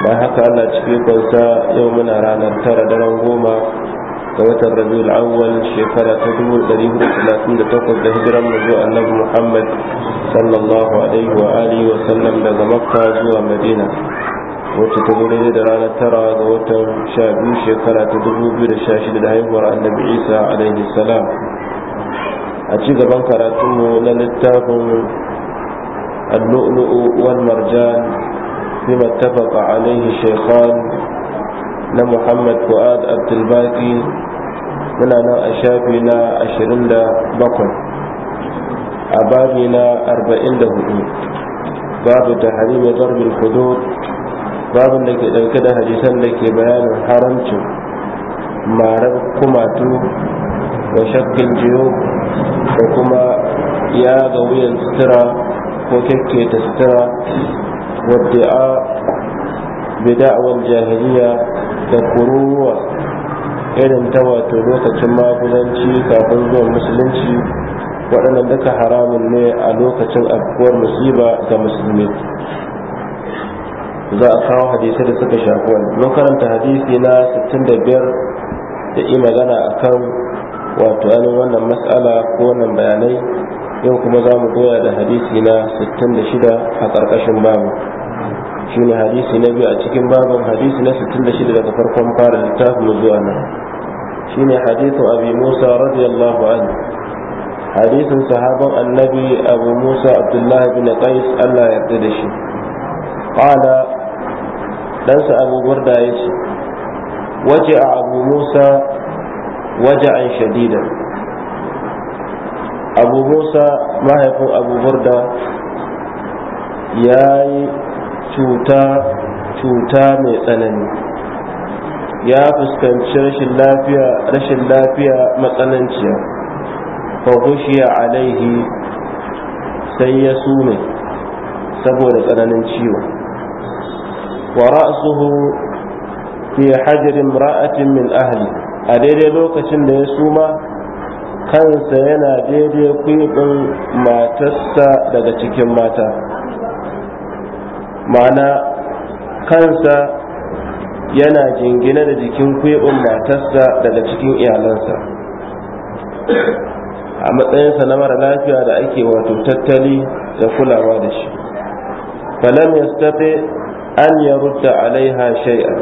don haka ana cikin kwansa yau muna ranar tara daren goma ga watan rabiul awwal shekara ta dubu 1438 da da takwas hijiran manzo annabi Muhammad sallallahu alaihi wa alihi wa sallam daga Makka zuwa Madina wacce ta gudu da ranar tara ga watan sha biyu shekara ta dubu biyu da sha shida da haihuwar annabi Isa alaihi salam a ci gaban karatunmu na littafin al-lu'lu'u wal marjan بما اتفق عليه الشيخان لمحمد فؤاد عبد الباقي muna nan a shafi na 27 a babi na 44 babu da harimin zarbin hudu babin da ke ɗauke da hadisan da ke bayanin haramcin marar kumatu da shakkin jiyo da kuma ya ga wuyan sutura ko kyakketa sutura والدعاء بدعوى الجاهلية تقروا irin ta wato lokacin magudanci kafin zuwan musulunci waɗannan duka haramun ne a lokacin afkuwar musiba ga musulmi za a kawo hadisai da suka shafi wani mun karanta hadisi na 65 da yi magana akan wato wannan matsala ko wannan bayanai yau kuma za mu goya da hadisi na 66 a ƙarƙashin babu shi ne hadisi na biyu a cikin babin hadisi na 66 daga farkon fara littafin zuwa nan shi ne hadisu abi musa radiyallahu anhu hadisin sahaban annabi abu musa abdullahi bin qais allah ya yarda da shi qala ɗansa abu burda ya ce waje a abu musa waje an shadidan abu musa mahaifin abu burda ya yi cuta mai tsanani ya fuskanci rashin lafiya rashin lafiya matsananciya fahushiya alaihi sai ya sume saboda tsananin ciwo wa ra'suhu fi hajarin ra'atin min ahli a daidai lokacin da ya suma kansa yana daidai kwiɓin matarsa daga cikin mata ma'ana kansa yana jingina da jikin kwiɓin matarsa daga cikin iyalansa a matsayinsa na mara lafiya da ake wato tattali da kulawa da shi falam yastati an yarudda alaiha shay'an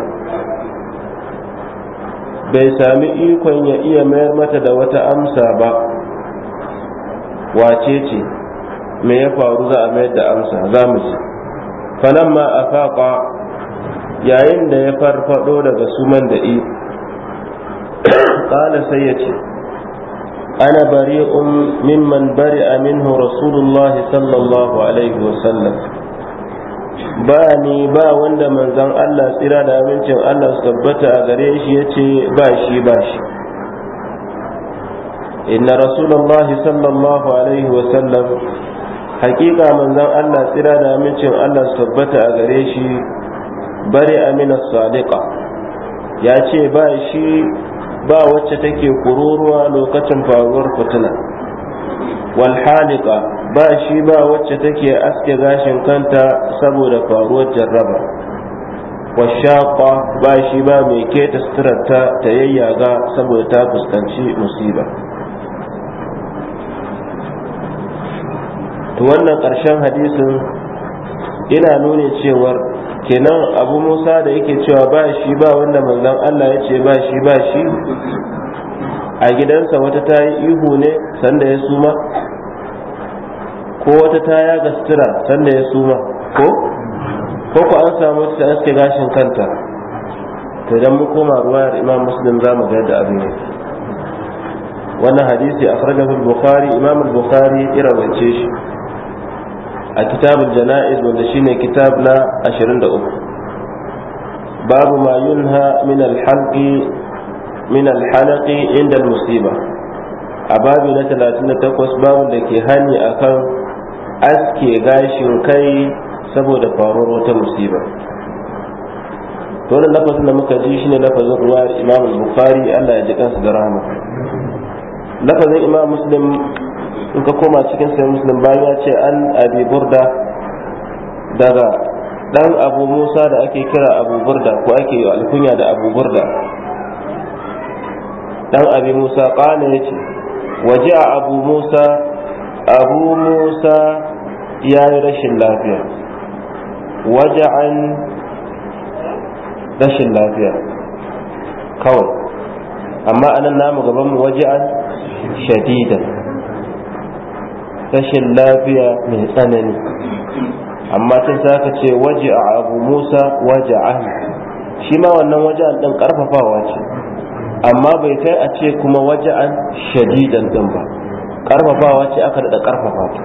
bai sami ikon ya iya mayar mata da wata amsa ba wace ce me ya faru za a mayar da amsa za mu ci fanan ma a faƙa yayin da ya farfado daga suman da i ƙala sai ya ce ana bari'un mimman bari'a minhu rasulullahi sallallahu alaihi wasallam ba ni ba wanda manzon Allah tsira da amincin Allah su tabbata a gare shi yace ba shi ba shi inna rasulullahi sallallahu alaihi wa sallam hakika manzon Allah tsira da amincin Allah su tabbata a gare shi bari amina sadiqa ya ce ba shi ba wacce take kururuwa lokacin faruwar fitina wal bashi ba shi ba wacce take aske gashin kanta saboda faruwar jarraba washaqa ba shi ba mai keta suturarta ta yayyaga saboda ta fuskanci musiba to wannan ƙarshen hadisin ina nuna cewar kenan abu musa da yake cewa ba shi ba wanda manzon allah ya ce ba shi ba shi a gidansa wata ta yi ihu ne sanda ya suma ko wata ta ya sutura sanda ya suma ko ko ku an samu ta aske gashin kanta to idan mu koma ruwayar imam muslim za mu ga abin yake wannan hadisi akhrajahu al-bukhari imam al-bukhari ira wace shi a kitabul janaiz wanda shine kitab na 23 babu ma yunha min al-halqi من الحلق inda musiba a babu na 38 babu da ke hani akan وكي gashin kai saboda faruwar wata musiba wannan lafazin da muka ji shine lafazin درامة imam bukhari Allah ya ji kansa da in ka koma cikin sai muslim bayan ya ce an abi burda daga dan abu musa da ake kira abu burda ko ake yi alkunya da abu burda dan abi musa qala yace waje abu musa abu musa ya yi rashin lafiya waje an rashin lafiya kawai amma anan namu gaban mu waje an shadida, rashin lafiya mai tsanani amma ta saka ce waje abu musa waje an shi ma wannan waje an ɗan ƙarfafawa ce amma bai kai a ce kuma an shadidan din ba karfafawa ce aka da karfafa ta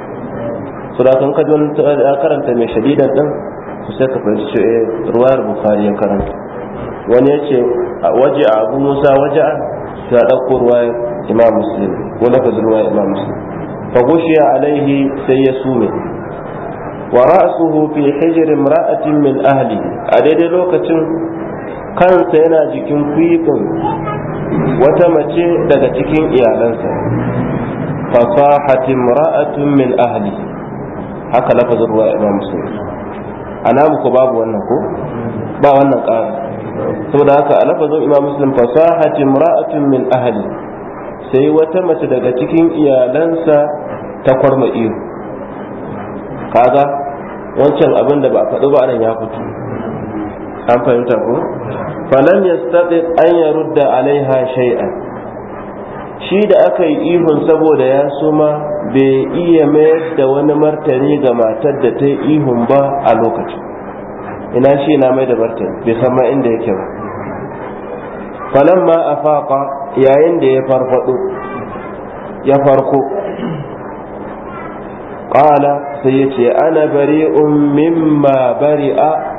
so da kan kaji wani karanta mai shadidan din su sai ka fahimci ce eh ruwayar bukhari ya karanta wani ya ce waje a abu musa waje'an su ya ɗauko ruwayar imam muslim ko lafazin ruwayar imam muslim fa gushiya alaihi sai ya sume wa ra'suhu fi hijr imra'atin min ahli a daidai lokacin kansa yana jikin kwikin wata mace daga cikin iyalansa fasahatin ra'atun min ahli haka lafazin ruwa imam muslim namu ko babu wannan ko ba wannan ƙara saboda haka a lafazin imam muslim fasahatin ra'atun min ahli sai wata mace daga cikin iyalansa ta kwarma iyo kaga wancan abin da ba a faɗo ba nan ya fito an fahimta ko falam yastati an yarudda alaiha shay'an shi da aka yi ihun saboda ya suma bai iya mayar da wani martani ga matar da ta yi ihun ba a lokacin ina shi na mai da martani bai san ma inda yake ba ma afaqa yayin da ya farfado ya farko qala sai yace ana bari'un mimma bari'a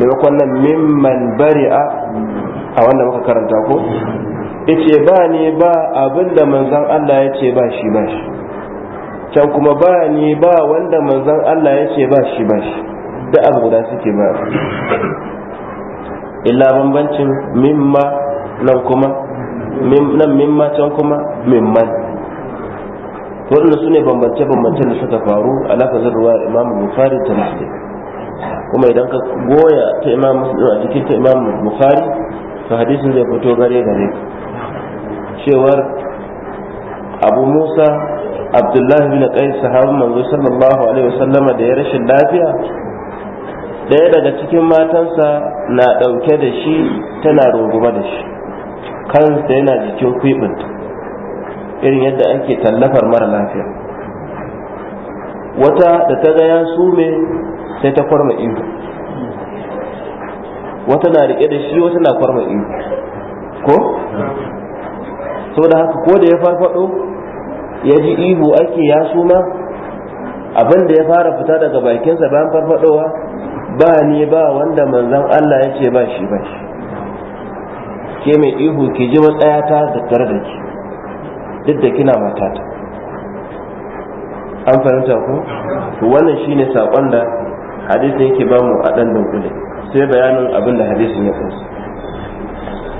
maimakon nan mimman bari'a a wanda muka karanta ko ce ba ne ba abinda manzon Allah ce ba shi ba shi can kuma ba ne ba wanda manzon Allah ce ba shi ba shi da abu guda suke ba illa bambancin mimma nan kuma nan mimma can kuma mimman waɗanda su ne bambance-bambance da suka faru a lafazin ruwa imamu bukari ta muslim kuma idan ka goya ta imam musulun a cikin ta imam bukhari to hadisin zai fito gare gare cewar abu musa abdullahi bin qais sahabban manzo sallallahu alaihi wasallam da ya rashin lafiya daya daga cikin matansa na dauke da shi tana runguma da shi kansa yana jikin kwibin irin yadda ake tallafar mara lafiya wata da ta ga ya sume sai ta kwarma ido wata na rike da shi wata na kwarma ido ko saboda haka ko da ya farfado ya ji ihu ake ya suma abin da ya fara fita daga bakinsa bayan farfadowa ba ni ba wanda manzon Allah ya ce ba shi ba shi ke mai ihu ke ji matsayata da tare da ki duk da kina matata an fahimta ku? to wannan shine sakon da hadisin yake ba mu a dan dunkule sai bayanin abin da hadisin ya kunsa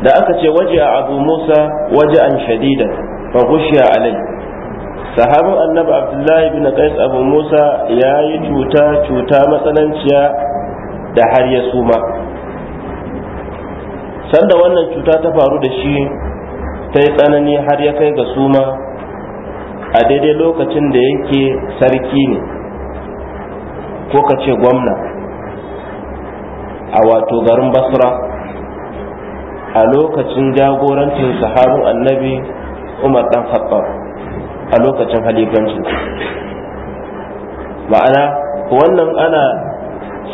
da aka ce waje abu musa waje an shadida fa ghushiya alai sahabin annabi abdullahi bin qais abu musa ya yi cuta cuta matsananciya da har ya suma sanda wannan cuta ta faru da shi ta yi tsanani har ya kai ga suma a daidai lokacin da yake sarki ne ko ka ce gwamna a wato garin basra a lokacin jagorancin sahabu annabi umar dan khattab a lokacin halifancin ma'ana wannan ana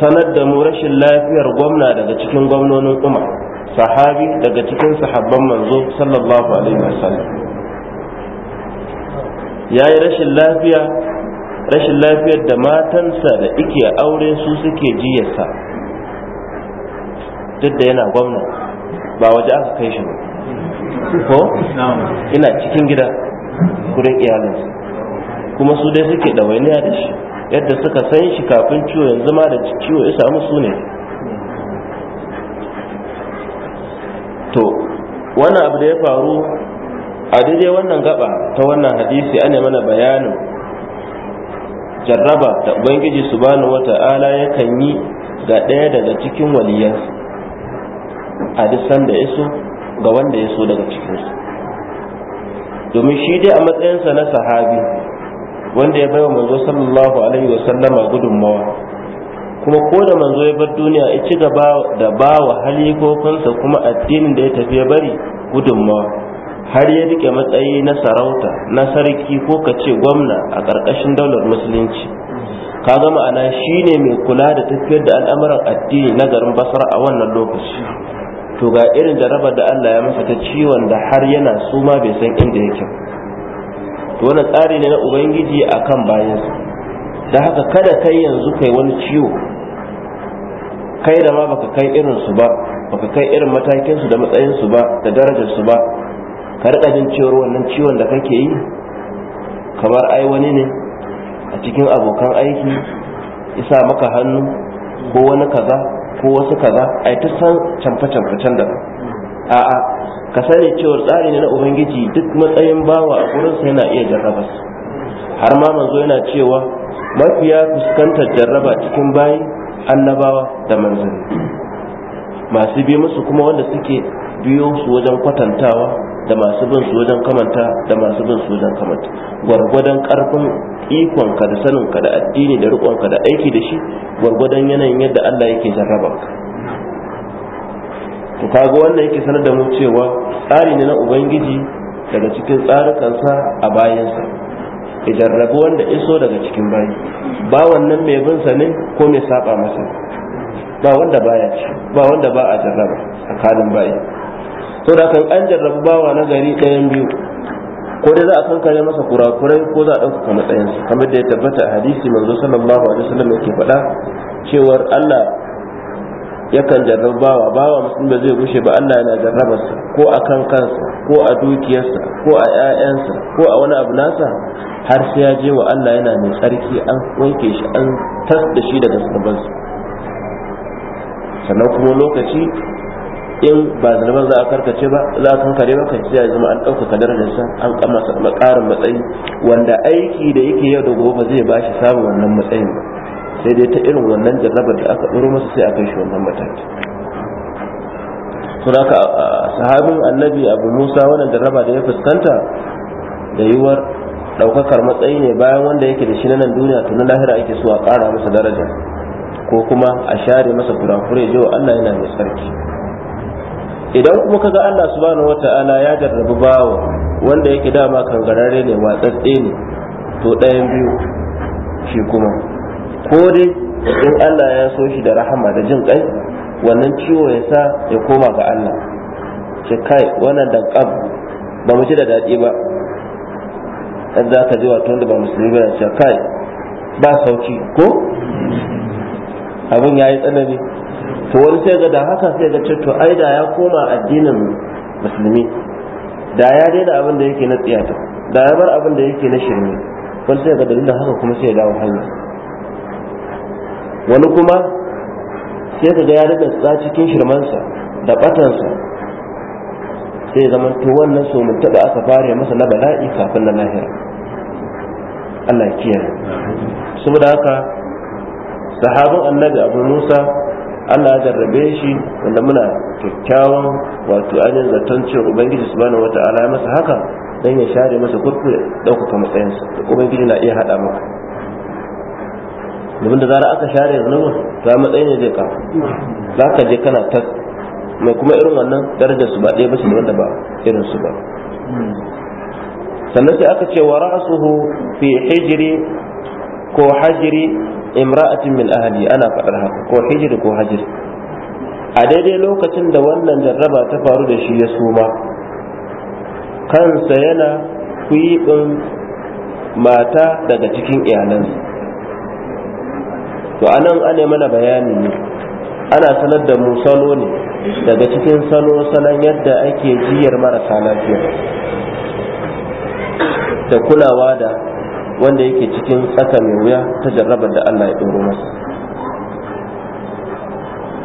sanar da mu rashin lafiyar gwamna daga cikin gwamnonin umar sahabi daga cikin sahabban manzo sallallahu alaihi wasallam ya yi rashin lafiya rashin lafiyar da matansa da ike aure su suke jiyarsa duk da yana gwamna ba waje aka kai shi ba ko ina cikin gida gurin iyalinsa kuma su dai suke ɗawainiya da shi yadda suka san shi kafin ciwo yanzu ma da ciwo ya samu su ne to wani abu da ya faru a daidai wannan gaba ta wannan hadisi ana mana bayanin jarraba da ubangiji subhanahu wata'ala yakan yi ga ɗaya daga cikin waliyansa a duk da iso ga wanda ya so daga cikinsu domin shi dai a matsayinsa na sahabi wanda ya baiwa manzo sallallahu alaihi wa sallama gudunmawa kuma ko da manzo ya bar duniya ya ci gaba da bawa wa halikokinsa kuma addinin da ya tafi ya bari gudunmawa har ya rike matsayi na sarauta na sarki ko ka ce gwamna a ƙarƙashin daular musulunci ka ga ma'ana shi ne mai kula da tafiyar da al'amuran addini na garin basar a wannan lokaci to ga irin jarabar da allah ya masa ta ciwon da har yana suma bai san inda yake to wani tsari ne na ubangiji a kan bayansa da haka kada kai yanzu kai wani ciwo kai da ma baka kai irinsu ba baka kai irin matakinsu da matsayinsu ba da darajarsu ba ka riƙa jin cewar wannan ciwon da kake yi kamar ai wani ne a cikin abokan aiki isa maka hannu ko wani kaza ko wasu kaza ai ta san canfa-canfa-can da a'a ka sani cewar tsari ne na ubangiji duk matsayin bawa a gurinsa yana iya jarraba har ma manzo yana cewa mafiya fuskantar jarraba cikin bayi annabawa da manzanni masu bi musu kuma wanda suke biyo su wajen kwatantawa da masu bin su wajen kamanta da masu bin su wajen kamanta gwargwadon karfin ikon ka da sanin ka da addini da rikon ka da aiki da shi gwargwadon yanayin yadda Allah yake jarraba ka to kaga wannan yake sanar da mu cewa tsari ne na ubangiji daga cikin tsarukansa a bayansa ya jarrabi wanda iso daga cikin bayi ba wannan mai bin sa ne ko mai saba masa ba wanda baya ci ba wanda ba a jarraba tsakanin bayi to da kan an jarrabu bawa na gari ɗayan biyu ko dai za a kare masa kurakurai ko za a ɗaukaka matsayinsa kamar da ya tabbata a hadisi manzo sallallahu alaihi wasallam yake faɗa cewar Allah yakan jarrabu bawa bawa musulmi ba zai rushe ba Allah yana jarrabarsa ko a kan kansa ko a dukiyarsa ko a ƴaƴansa ko a wani abu nasa har sai ya je wa Allah yana mai tsarki an wanke shi an tas da shi daga sabansa sannan kuma lokaci in ba da za a karkace ba za a kankare ba kan ya zama an ɗaukaka darajarsa an kama ƙarin matsayi wanda aiki da yake yau da gobe zai ba shi samun wannan matsayin ba sai dai ta irin wannan jarrabar da aka ɗoro masa sai a kai shi wannan mataki to haka sahabin annabi abu musa wannan jarraba da ya fuskanta da yiwuwar ɗaukakar matsayi ne bayan wanda yake da shi na nan duniya to na lahira ake so a ƙara masa daraja ko kuma a share masa kurakure jiwa allah yana mai tsarki idan kuma kaga Allah subhanahu wata'ala ya jarrabi bawa wanda yake dama kangararre ne watsatse ne to ɗayan biyu shi kuma ko dai in Allah ya so shi da rahama da jin kai wannan ciwo ya sa ya koma ga Allah ce kai wannan dankam ba mu ji da daɗi ba dan za ka ji wato wanda ba musulmi ba ce kai ba sauki ko abin ya yi tsanani to wani sai ga da haka sai ga to ai da ya koma addinin musulmi da ya daina abin da yake na tsiyata da ya bar abin da yake na shirme wani sai ga dalilin haka kuma sai ya dawo hanya wani kuma sai ga ya rika tsa cikin shirmansa da batansa sai ya zama to wannan so mun taba aka fare masa na bala'i kafin na lahira Allah ya kiyaye saboda haka sahabin annabi abu musa Allah ya jarrabe shi wanda muna kyakkyawan wato ainihin zaton cewa ubangiji subhanahu ta'ala ya masa haka dan ya share masa kurkure da ɗaukaka matsayinsa da ubangiji na iya haɗa maka domin da zara aka share zunubin to a matsayin ne zai ka za ka je kana ta mai kuma irin wannan darajar su ba ɗaya ba shi wanda ba irin su ba sannan sai aka ce wa ra'asuhu fi hijri ko hajri imra'atin min ahli ana faɗar haka ko hijir ko hajir a daidai lokacin da wannan jarraba ta faru da shi ya suma kansa yana ɗin mata daga cikin iyalansa to anan ane mana bayani ne ana sanar da mu salo ne daga cikin salo salon yadda ake jiyar marasa lafiya da kulawa da wanda yake cikin tsaka mai wuya ta jarrabar da Allah ya ɗoro masa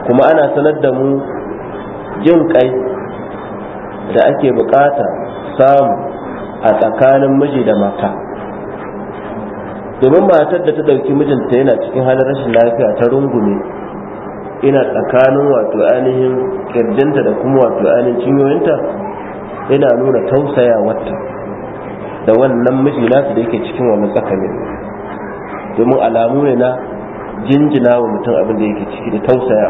kuma ana sanar da mu jin kai da ake bukata samu a tsakanin miji da mata domin matar da ta ɗauki mijinta yana cikin halin rashin lafiya ta rungume ina tsakanin wato ainihin kirjinta da kuma wato ainihin cinyoyinta ina nuna tausaya wata. da wannan miji nasu da yake cikin wani tsakanin domin alamu ne na jinjina wa mutum abin da yake ciki da tausaya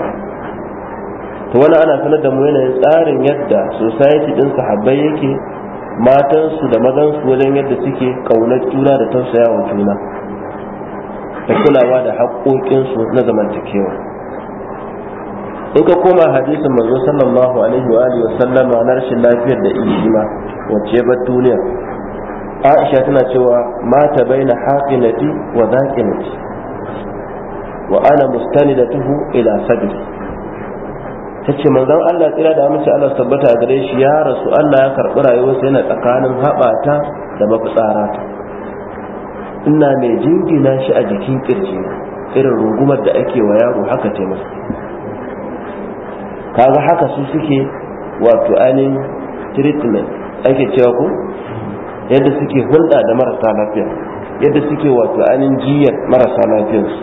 Ta wani ana sanar da mu yanayin tsarin yadda society din sahabbai yake matansu da mazansu wajen yadda suke kaunar juna da tausaya wa juna da kulawa da haƙoƙinsu na zamantakewa in ka koma hadisin manzo sallallahu alaihi wa alihi wa sallama na rashin lafiyar da ishima wacce ya bar duniya aisha tana cewa mata baina haqinati wa zaqinati wa ana mustanidatuhu ila sadri tace manzon Allah tsira da mace Allah tabbata gare shi ya rasu Allah ya karbi rayuwarsa yana tsakanin haɓata da mafitsara ina mai jingina shi a jikin kirji irin rungumar da ake wa yaro haka ce masa kaga haka su suke wato anin treatment ake cewa ku? yadda suke hulɗa da marasa lafiya yadda suke wato anin jiyar marasa lafiyarsu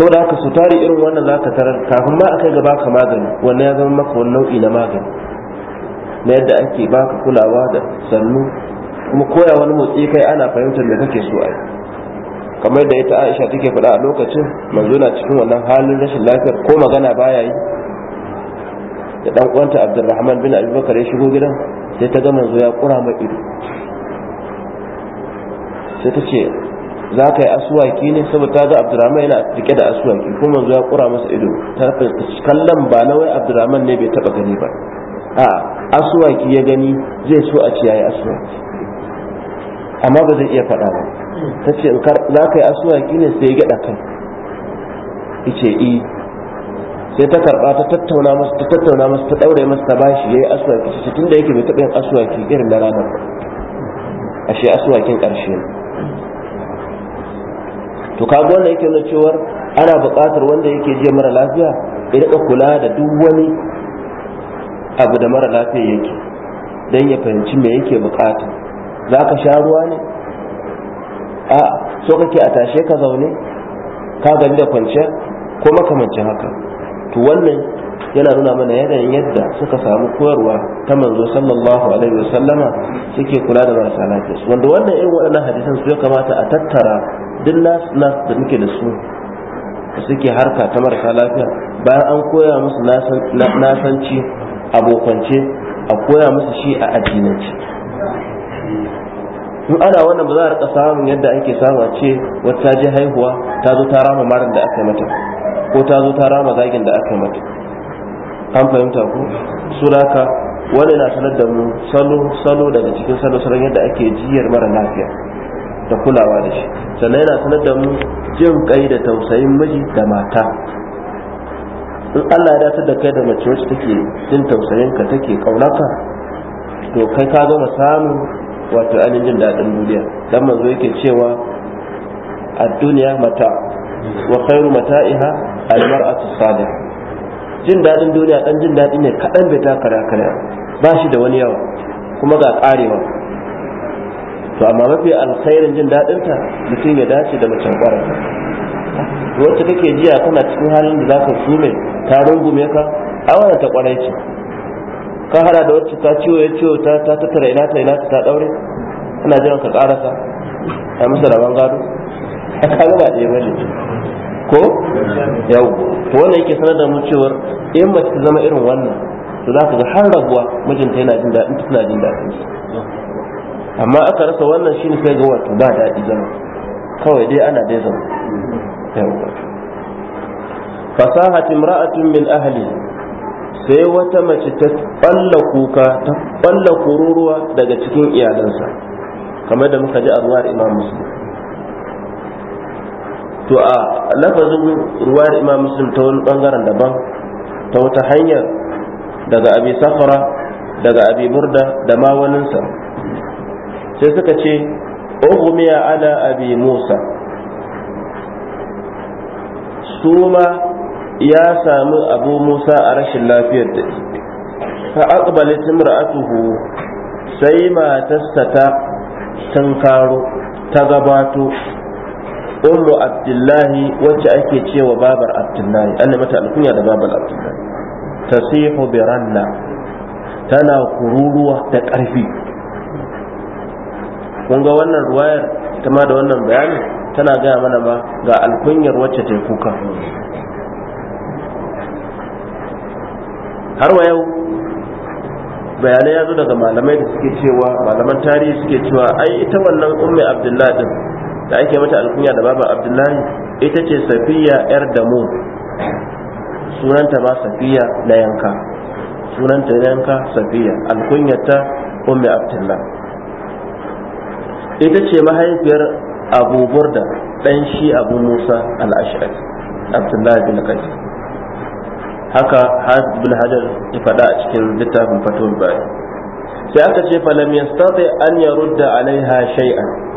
sau da haka su tari irin wannan za ka tarar kafin ma aka kai gaba ka magani wannan ya zama maka wani nau'i na magani na yadda ake baka kulawa da sannu kuma koya wani motsi kai ana fahimtar da kake so a kamar da ita aisha take faɗa a lokacin manzo na cikin wannan halin rashin lafiyar ko magana baya yi da dan uwanta abdulrahman bin abubakar ya shigo gidan sai ta gama zuwa ya kura mai ido sai ta ce za ka yi asuwaki ne saboda ta ga abdurrahman yana rike da asuwaki kuma zuwa ya kura masa ido ta kallon ba na wai abdurrahman ne bai taba gani ba a asuwaki ya gani zai so a ce yayi asuwaki amma ba zai iya faɗa ba ta ce za ka yi asuwaki ne sai ya gyaɗa kai ice i eh. sai ta karba ta tattauna masa ta tattauna masa ta daure masa ta bashi yayi aswaki ta tunda yake bai taɓa yin aswaki irin na ranar ashe aswakin ƙarshe to kaga wanda yake nuna cewa ana buƙatar wanda yake je mara lafiya ya rika kula da duk wani abu da mara lafiya yake don ya fahimci me yake buƙata za ka sha ruwa ne a so kake a tashe ka zaune ka gani da kwanciyar? ko makamancin haka to wannan yana nuna mana yanayin yadda suka samu koyarwa ta manzo sallallahu alaihi wasallama suke kula da marasa wanda wannan irin waɗannan hadisan su ya kamata a tattara duk nas nas da muke da su suke harka ta marasa lafiya bayan an koya musu nasanci abokance a koya musu shi a addinance in ana wannan ba za a rika samun yadda ake samu a ce wata je haihuwa ta zo ta rama marar da aka mata ko ta zo ta rama zagin da aka mata an fahimta ku su wani na sanar da mu salo salo daga cikin salo salon yadda ake jiyar mara lafiya da kulawa da shi sannan yana sanar da mu jin kai da tausayin miji da mata in Allah ya datar da kai da mace wacce take jin tausayin ka take kaunaka to kai ka gama samun wato ainihin jin daɗin duniya dan manzo yake cewa a duniya mata wa khairu mata'iha almar'atu salih jin dadin duniya dan jin daɗi ne kadan bai taka kare ba shi da wani yawa kuma ga karewa to amma mafi alkhairin jin dadin ta mutum ya dace da mutum kwara wacce kake jiya kana cikin halin da zaka sume ta rungume ka a ta kwarai ce ka hada da wacce ta ciwo ya ciwo ta ta tattara ina ta ina ta daure ana jiran ka karasa ta masa rabon gado a kaga ba ɗaya ko yau to wannan yake sanar da mu cewar in mace ta zama irin wannan to za ka ga har rabuwa mijinta yana jin daɗin tana jin daɗin amma aka rasa wannan shine sai ga wato ba daɗi zama kawai dai ana dai zama fasahat imra'atun min ahli sai wata mace ta balla kuka ta balla kururuwa daga cikin iyalansa kamar da muka ji a ruwar imam muslim to a lafazin ruwa da imam muslim ta wani bangaren daban ta wata hanyar daga abi safara daga abi burda da ma sai suka ce ogumiya ala abi musa suma ya sami abu musa a rashin lafiyar da fa aqbalat imra'atuhu sai matarsa ta karo ta gabato ummu abdullahi wacce ake cewa babar abdullahi ana mata alkunya da babar abdullahi tasihu bi ranna tana kururuwa da ƙarfi kun ga wannan ruwayar ita ma da wannan bayani tana gaya mana ba ga alkunyar wacce ta kuka har wa yau bayanai ya zo daga malamai da suke cewa malaman tarihi suke cewa ai ita wannan ummi abdullahi da ake mata alkunya da baban abdullahi ita ce safiya yar damu sunanta ma safiya na yanka sunanta na yanka safiya ta ummi abdullah ita ce mahaifiyar abu burda dan shi abu musa al-ash'ari abdullahi bin qais haka hajj bin hajar ya faɗa a cikin littafin fatul bai sai aka ce falam yastati an yarudda alaiha shay'an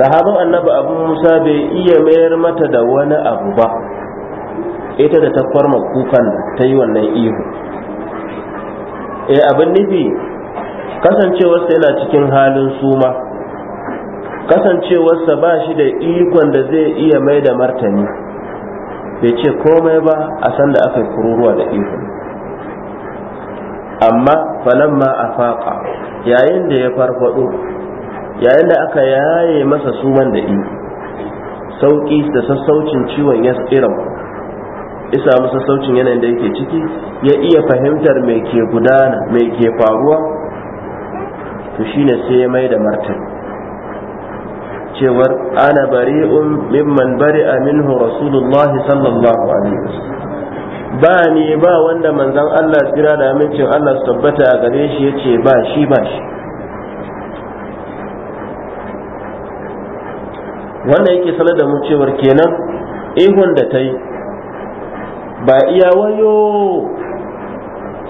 sahabin annabi abu musa bai iya mayar mata da wani abu ba ita da ta kwarma kukan ta yi wannan ihu e abin nufi kasancewarsa yana cikin halin suma kasancewarsa ba shi da ikon da zai iya mai da martani bai ce komai ba a san da aka yi kururuwa da ihu amma falamma a faƙa yayin da ya farfaɗo. yayin da aka yaye masa suman da i sauki da sassaucin ciwon ya tsiram isa masa sassaucin yanayin da yake ciki ya iya fahimtar mai ke gudana mai ke faruwa to shine sai ya mai da martani cewar ana bari un mimman bari'a minhu rasulullahi sallallahu alaihi wasallam ba ne ba wanda manzon Allah tsira da amincin Allah su tabbata a gare shi ya ce ba shi ba shi wannan yake sanar da mu cewar kenan ihun da ta yi ba iya wayo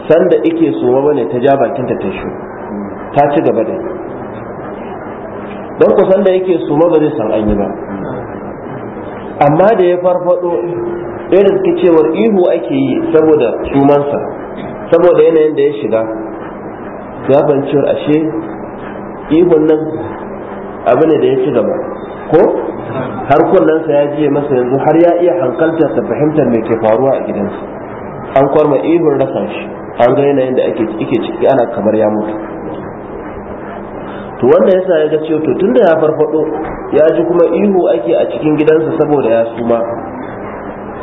sanda ike so ba ne ta ja bakinta ta tashi ta ci gaba da don ku sanda yake so ba zai san an yi ba amma da ya farfado ɗaya da suke cewar ihu ake yi saboda sumansa saboda yanayin da ya shiga gaban cewar ashe ihun nan abu ne da ya ci gaba ko har kullansa ya jiye masa yanzu har ya iya hankalta ta fahimtar me ke faruwa a gidansa an kwarma ihun rasa shi an ga yanayin da ake ciki ana kamar ya mutu to wanda yasa ya ga cewa to tunda ya farfado ya ji kuma ihu ake a cikin gidansa saboda ya suma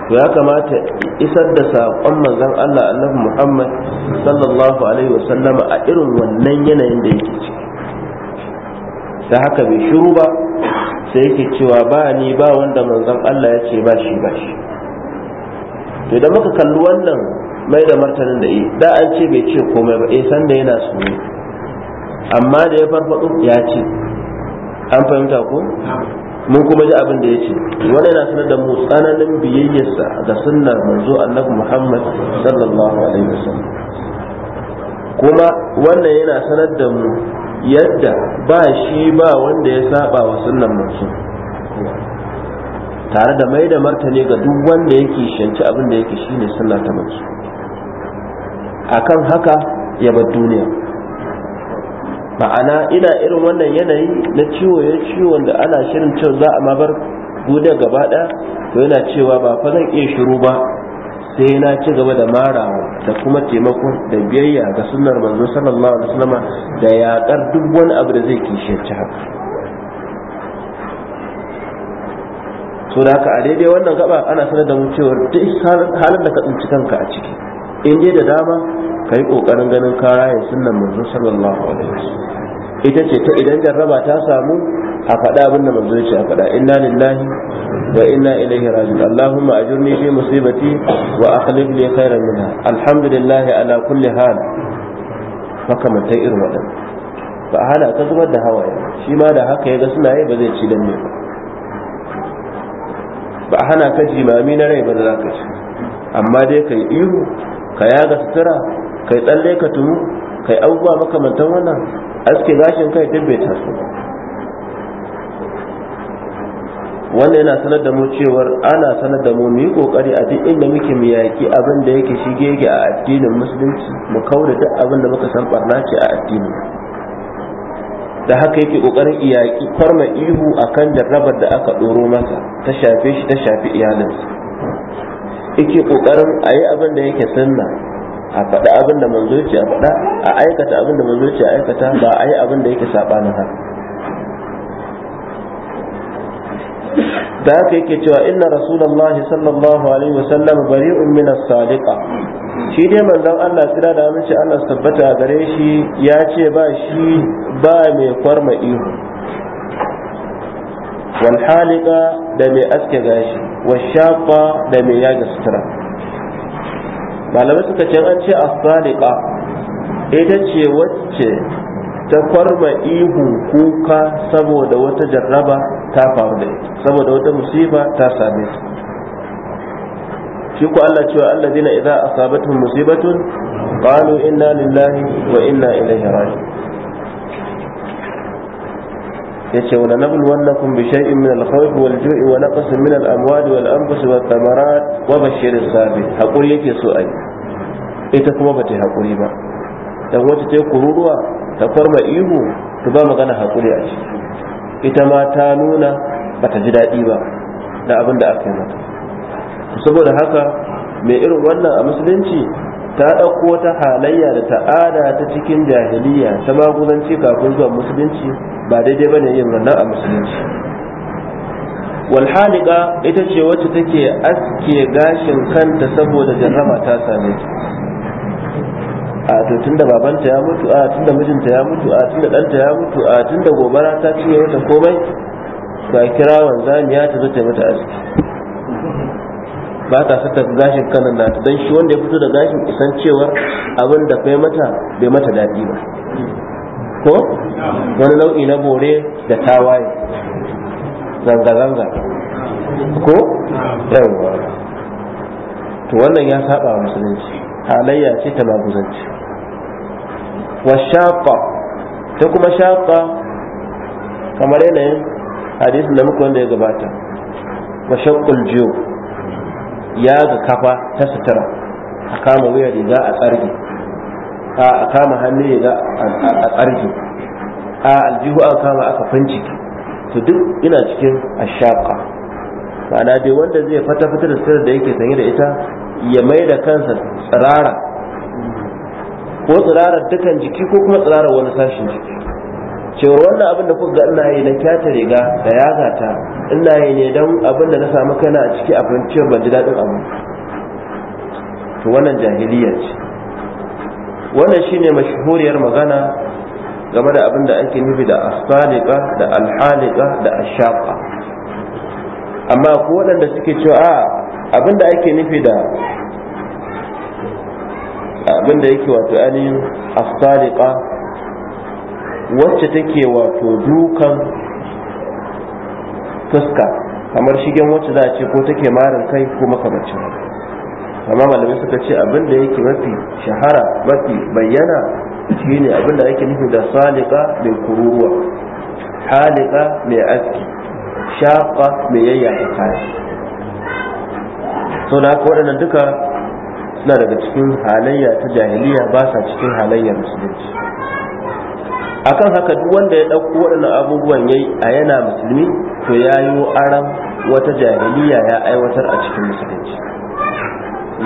to ya kamata isar da saƙon manzon Allah Annabi Muhammad sallallahu alaihi wasallama a irin wannan yanayin da yake ciki da haka bai shiru ba sai yake cewa ba ni ba wanda manzon Allah ya ce ba shi ba shi to idan muka kalli wannan mai da martanin da yi da an ce bai ce komai ba eh san yana sune amma da ya farfado ya ce an fahimta ko mun kuma ji abin da ya ce Wannan yana sanar da mu tsananin biyayyarsa ga sunnar manzo annabi Muhammad sallallahu alaihi wasallam kuma wannan yana sanar da mu yadda ba shi ba wanda ya saba wa sunan manzo tare da mai da martani ga duk wanda yake shanci abin da yake shine sunna ta manzo akan haka ya bar duniya ma'ana ina irin wannan yanayi na ciwo ya ciwo wanda ana shirin cewa za a ma bar duniya gaba ɗaya to yana cewa ba fa zan iya shiru ba sai na ci gaba da marawa da kuma taimako da biyayya ga sunnar manzo sallallahu alaihi wasallama da yaƙar duk wani abu da zai kishiyarci haka so da haka a daidai wannan gaba ana sanar da mu cewa duk halin da ka tsinci kanka a ciki in dai da dama ka yi ƙoƙarin ganin kara ya sunnar manzo sallallahu alaihi wasallama ita ce ta idan jarraba ta samu a faɗa abin da manzo ce a faɗa inna lillahi wa inna ilaihi raji'un allahumma ajurni fi musibati wa akhlif li khairan minha alhamdulillah ala kulli hal makamantan irin waɗannan ba hala hana ka zubar da hawaye shi ma da haka ya ga suna yi ba zai ci danne ba ba hana ka jimami na rai ba za ka ci amma dai kai ihu ka yaga sutura kai tsalle ka tunu kai abubuwa makamantan wannan aske gashin kai duk bai taso wannan yana sanar da mu cewar ana sanar da mu mu yi kokari a duk inda muke mu yaki abin da yake shige yake a addinin musulunci mu kauda duk abin da muka san barna ce a addini da haka yake kokarin iyaki farma ihu akan jarrabar da aka doro masa ta shafe shi ta shafi iyalinsa yake kokarin a yi abin da yake sunna a faɗa abin da manzo ce a faɗa a aikata abin da manzo ce a aikata ba a yi abin da yake saɓanin haka da haka yake cewa inna rasulullah sallallahu alaihi wasallam bari'un min as-sadiqa shi dai manzon Allah tsira da aminci Allah tabbata gare shi ya ce ba shi ba mai kwarma ihu wal halika da mai aske gashi wal shaqa da mai yaga sutura malamai suka ce an ce as ita ce wacce ta kwarma ihu kuka saboda wata jarraba ta faru da ita saboda wata musiba ta same ta shi ku Allah cewa alladina idza asabatuhum musibatun qalu inna lillahi wa inna ilaihi raji'un yace wala nabluwannakum bi shay'in min al-khawf wal ju'i wa naqsin min al-amwal wal anfus wal thamarat wa bashir as sabi hakuri yake so ai ita kuma bata hakuri ba dan wata ta kururuwa ta farma ihu to ba magana hakuri a ciki ita ma ta nuna bata ji daɗi ba da abin da aka yi saboda haka mai irin wannan a musulunci ta ɗauko wata halayya da ta'ada ta cikin jahiliya ta maguzanci kafin zuwa musulunci ba daidai ba ne yin wannan a musulunci walhalika ita ce wacce take aske gashin kanta saboda jarraba ta same a to tunda babanta ya mutu a tunda mijinta ya mutu a tunda ɗanta ya mutu a tunda gobara ta cinye mata komai ba kira wanzaniya ta zo ta mata aski ba ta sata gashin kanan na dan shi wanda ya fito da gashin isan cewa abin da kai mata bai mata daɗi ba ko wani nau'i na bore da tawaye zanga-zanga ko yawa to wannan ya saba wa musulunci halayya ce ta maguzanci wa shaqa ta kuma shaqa kamar yanayin hadisin da muku wanda ya gabata wa shaqqul jiyo ya ga kafa ta sutura a kama wuya riga a tsarki, a kama hannu riga a tsarki, a aljihu a kama aka fanci, to duk ina cikin ashaka ma'ana dai wanda zai fata fita da sutura da yake sanye da ita ya mai da kansa tsirara ko tsirarar dukan jiki ko kuma tsirarar wani sashin jiki cewa wannan abin da kuka ga ina yi na kyata riga da yaga ta ina yi ne don abin da na samu kana a ciki a fahimciyar ban ji daɗin abu to wannan jahiliya ce wannan shine mashhuriyar magana game da abin da ake nufi da asaliqa da alhaliqa da ashaqa amma ko waɗanda suke cewa a abin da ake nufi da abin da yake wato ainihin asaliqa wacce take wato dukan fuska kamar shigen wacce za a ce ko take marin kai ko makamacin amma malamai suka ce abin da yake mafi shahara mafi bayyana shine abin da ake nufi da salika mai kururuwa halika mai aski shaƙa mai ta kaya sau da waɗannan duka suna daga cikin halayya ta jahiliya ba sa cikin halayyar musulunci akan haka duk wanda ya ɗauko waɗannan abubuwan yayi a yana musulmi to ya yi aram wata jahiliya ya aiwatar a cikin musulunci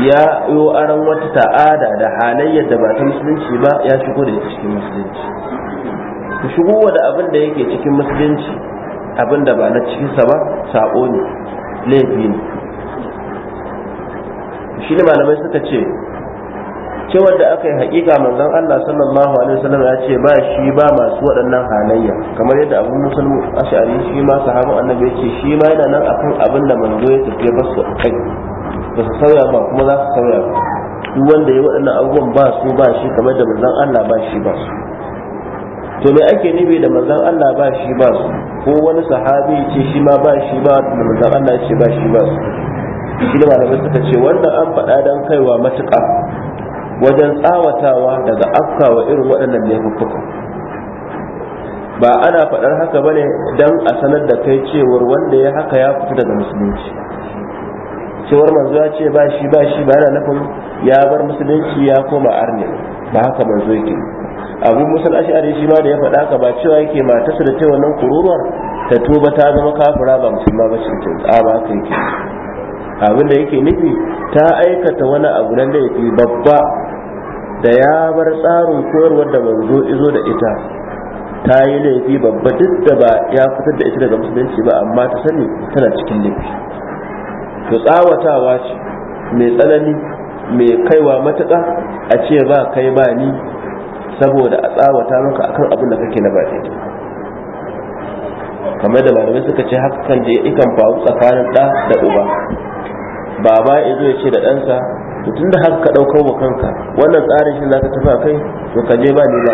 ya yi aran wata ta'ada da halayyar da ba ta musulunci ba ya shigo da cikin musulunci ku shigo da abin da yake cikin musulunci abin da ba na cikinsa ba sabo ne laifi ne shi ne malamai suka ce cewa da aka yi haƙiƙa manzon Allah sallallahu alaihi wasallam ya ce ba shi ba masu waɗannan halayya kamar yadda Abu Musa Ash'ari shi ma sahabin Annabi yake shi ma yana nan akan abin da manzo ya tafi ba su kai ba su sauya ba kuma za su sauya ba duk wanda ya waɗannan abubuwan ba su ba shi kamar da manzon Allah ba shi ba su to me ake nufi da manzon Allah ba shi ba su ko wani sahabi ce shi ma ba shi ba da manzon Allah ya ce ba shi ba su shi da malamai suka ce wannan an faɗa don kaiwa matuƙa wajen tsawatawa daga afkawa irin waɗannan laifuffuka ba ana faɗar haka ba ne don a sanar da kai cewar wanda ya haka ya fita daga musulunci cewar manzo ya ce ba shi ba shi ba yana nufin ya bar musulunci ya koma arne ba haka manzo yake abin musul ash'ari shi ma da ya faɗa haka ba cewa yake matarsa da cewa nan kururuwar ta tuba ta zama kafira ba musulma ba shi a ba haka yake abin da yake nufi ta aikata wani abu na laifi babba da ya bar tsarin koyarwar da manzo izo da ita ta yi laifi babba duk da ba ya fitar da ita daga musulunci ba amma ta sani tana cikin laifi to tsawatawa ce mai tsanani mai kaiwa matuka? a ce ba kai ba ni saboda a tsawata maka akan abin da kake na ba kamar da malamai suka ce hakan da ikan faru tsakanin ɗa da uba baba ya zo ya ce da ɗansa to tunda haka ka ɗaukar wa kanka wannan tsarin shi za tafi a kai to ka je ba ni ba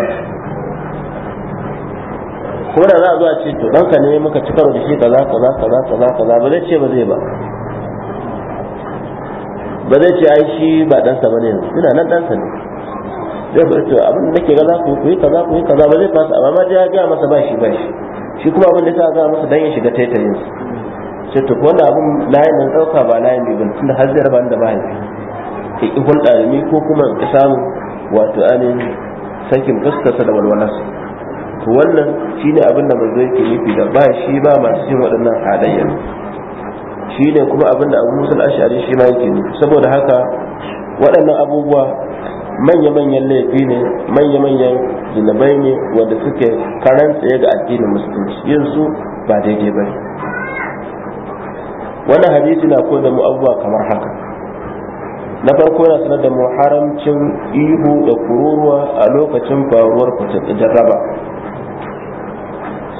ko da za a zo a ce to ɗanka ne muka ci karo da shi kaza kaza kaza kaza kaza ba zai ce ba zai ba ba zai ce ai shi ba ɗansa ba ne ina nan ɗansa ne zai ba to abin da ke gaza ku yi kaza ku yi kaza ba zai fasa amma ma ya gaya masa ba shi ba shi shi kuma abin da ta gaya masa dan ya shiga taitayin sai to da abin layin nan ɗauka ba layin ne ba tunda har zai raba da ba ya ƙi hulɗa ko kuma ka samu wato ainihin sakin fuskarsa da walwalarsa to wannan shine abin da manzo yake nufi da ba shi ba masu yin waɗannan Shi shine kuma abin da Abu Musa al-Ash'ari shi ma yake nufi saboda haka waɗannan abubuwa manya-manyan laifi ne manya-manyan zunubai ne wanda suke karan tsaye ga addinin musulunci yin su ba daidai ba Wani hadisi na koyar da mu kamar haka na farko yana sanar da muharamcin ihu da kururuwa a lokacin faruwar jarraba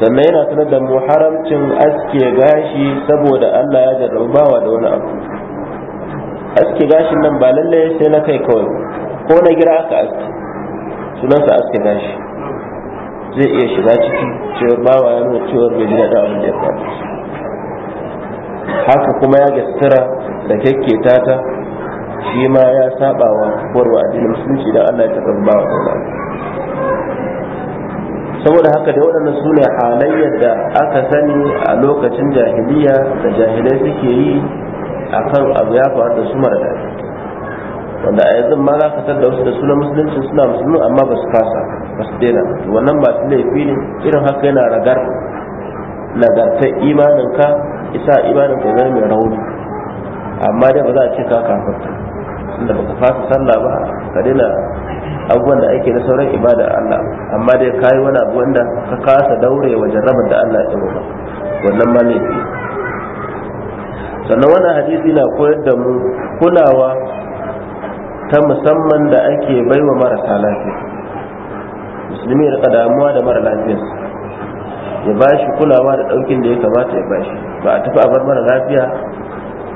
sannan yana sanar da muharamcin aske gashi saboda Allah ya jarrabawa da wani abu aske gashin nan ba lallai sai na kai kawai ko na gira aka aske sunansa aske gashi zai iya shiga ciki cewar bawa ya nuna cewar bai ji da abin da ya haka kuma ya gaskira da kyakketa ta shi ma ya saba wa korwa addinin musulunci don Allah ya taɓa ba wa saboda haka da waɗannan su ne halayyar da aka sani a lokacin jahiliya da jahilai suke yi kan abu ya faru da su mara daɗi wanda a yanzu ma za ka tar da wasu da sunan musulunci suna musulmi amma ba su fasa ba su daina wannan ba su laifi ne irin haka yana ragar nagartar imaninka isa imaninka ya zama mai rauni amma dai ba za a ce ka kafarta da baka fasa sallah ba ka daina abubuwan da ake na sauran ibada Allah amma dai ka yi wani abu wanda ka kasa daure wa jarrabar da Allah ya maka wannan ma laifi sannan wannan hadisi na koyar da mu kulawa ta musamman da ake baiwa marasa lafiya musulmi ya rika damuwa da mara lafiyarsa ya ba shi kulawa da ɗaukin da ya kamata ya ba shi ba a tafi a bar mara lafiya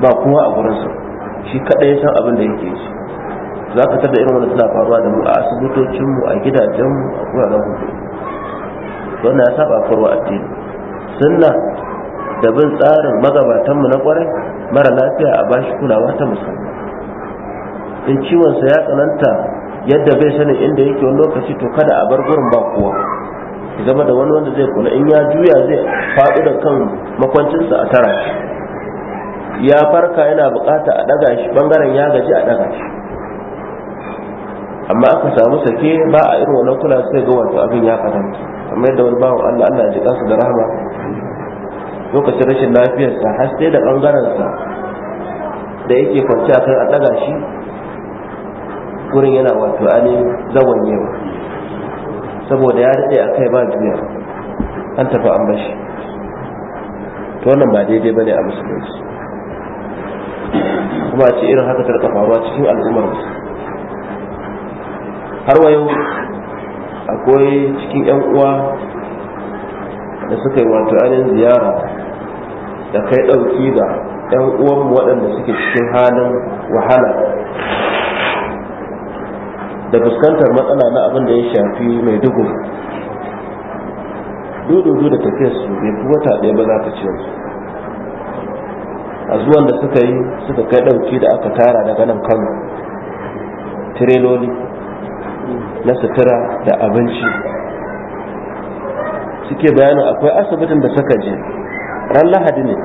ba kowa a gurinsa shi kaɗai ya san abin da yake ci za ka tada irin wanda suna faruwa da mu a asibitocinmu a gidajenmu a wuraren hudu wannan ya saba a addini sunna da bin tsarin magabatanmu na kwarai mara lafiya a bashi kulawa ta musamman in ciwonsa ya tsananta yadda bai sanin inda yake wani lokaci to kada a bar gurin ba kowa zama da wani wanda zai kula in ya juya zai faɗi da kan makwancinsa a tara ya farka yana bukata a daga shi bangaren ya gaji a daga shi amma aka samu sake ba a irin wannan kula sai ga wato abin ya karanta amma yadda wani bawan Allah Allah ya ji kansa da rahama lokacin rashin lafiyarsa har sai da bangaren sa da yake kwance a kan a daga shi gurin yana wato ani zawan yawa saboda ya daɗe a kai ba duniya an tafi an bashi to wannan ba daidai bane a musulunci kuma ce irin haka tarka faruwa cikin al'ummar har wa akwai cikin yan uwa da suka yi wato ainihin ziyara da kai ɗauki ga yan uwanmu waɗanda suke cikin halin wahala da fuskantar matsala na abin da ya shafi mai dugu dudu da tafiyarsu bai fi wata ɗaya ba za ta ce a zuwan da suka yi suka kai ɗauki da aka tara daga nan kano tireloli na sutura da abinci suke bayanin akwai asibitin da suka je ran lahadi ne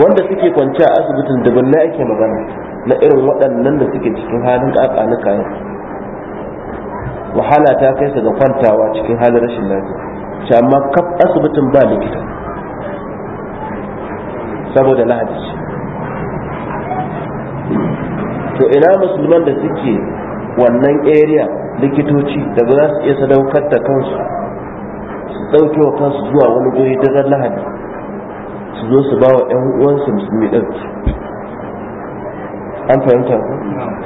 wanda suke kwanci a asibitin dubunna ake magana na irin waɗannan da suke cikin halin ƙaƙanuka yau wahala ta kai su ga kwantawa cikin halin rashin lafiya amma kaf asibitin ba likita saboda lahadi to ina musulman da suke wannan area likitoci da ba za su iya sadaukar da kansu su ɗauke wa kansu zuwa wani guri daren lahadi su zo su ba wa 'yan uwansu musulmi ɗin an fahimta ku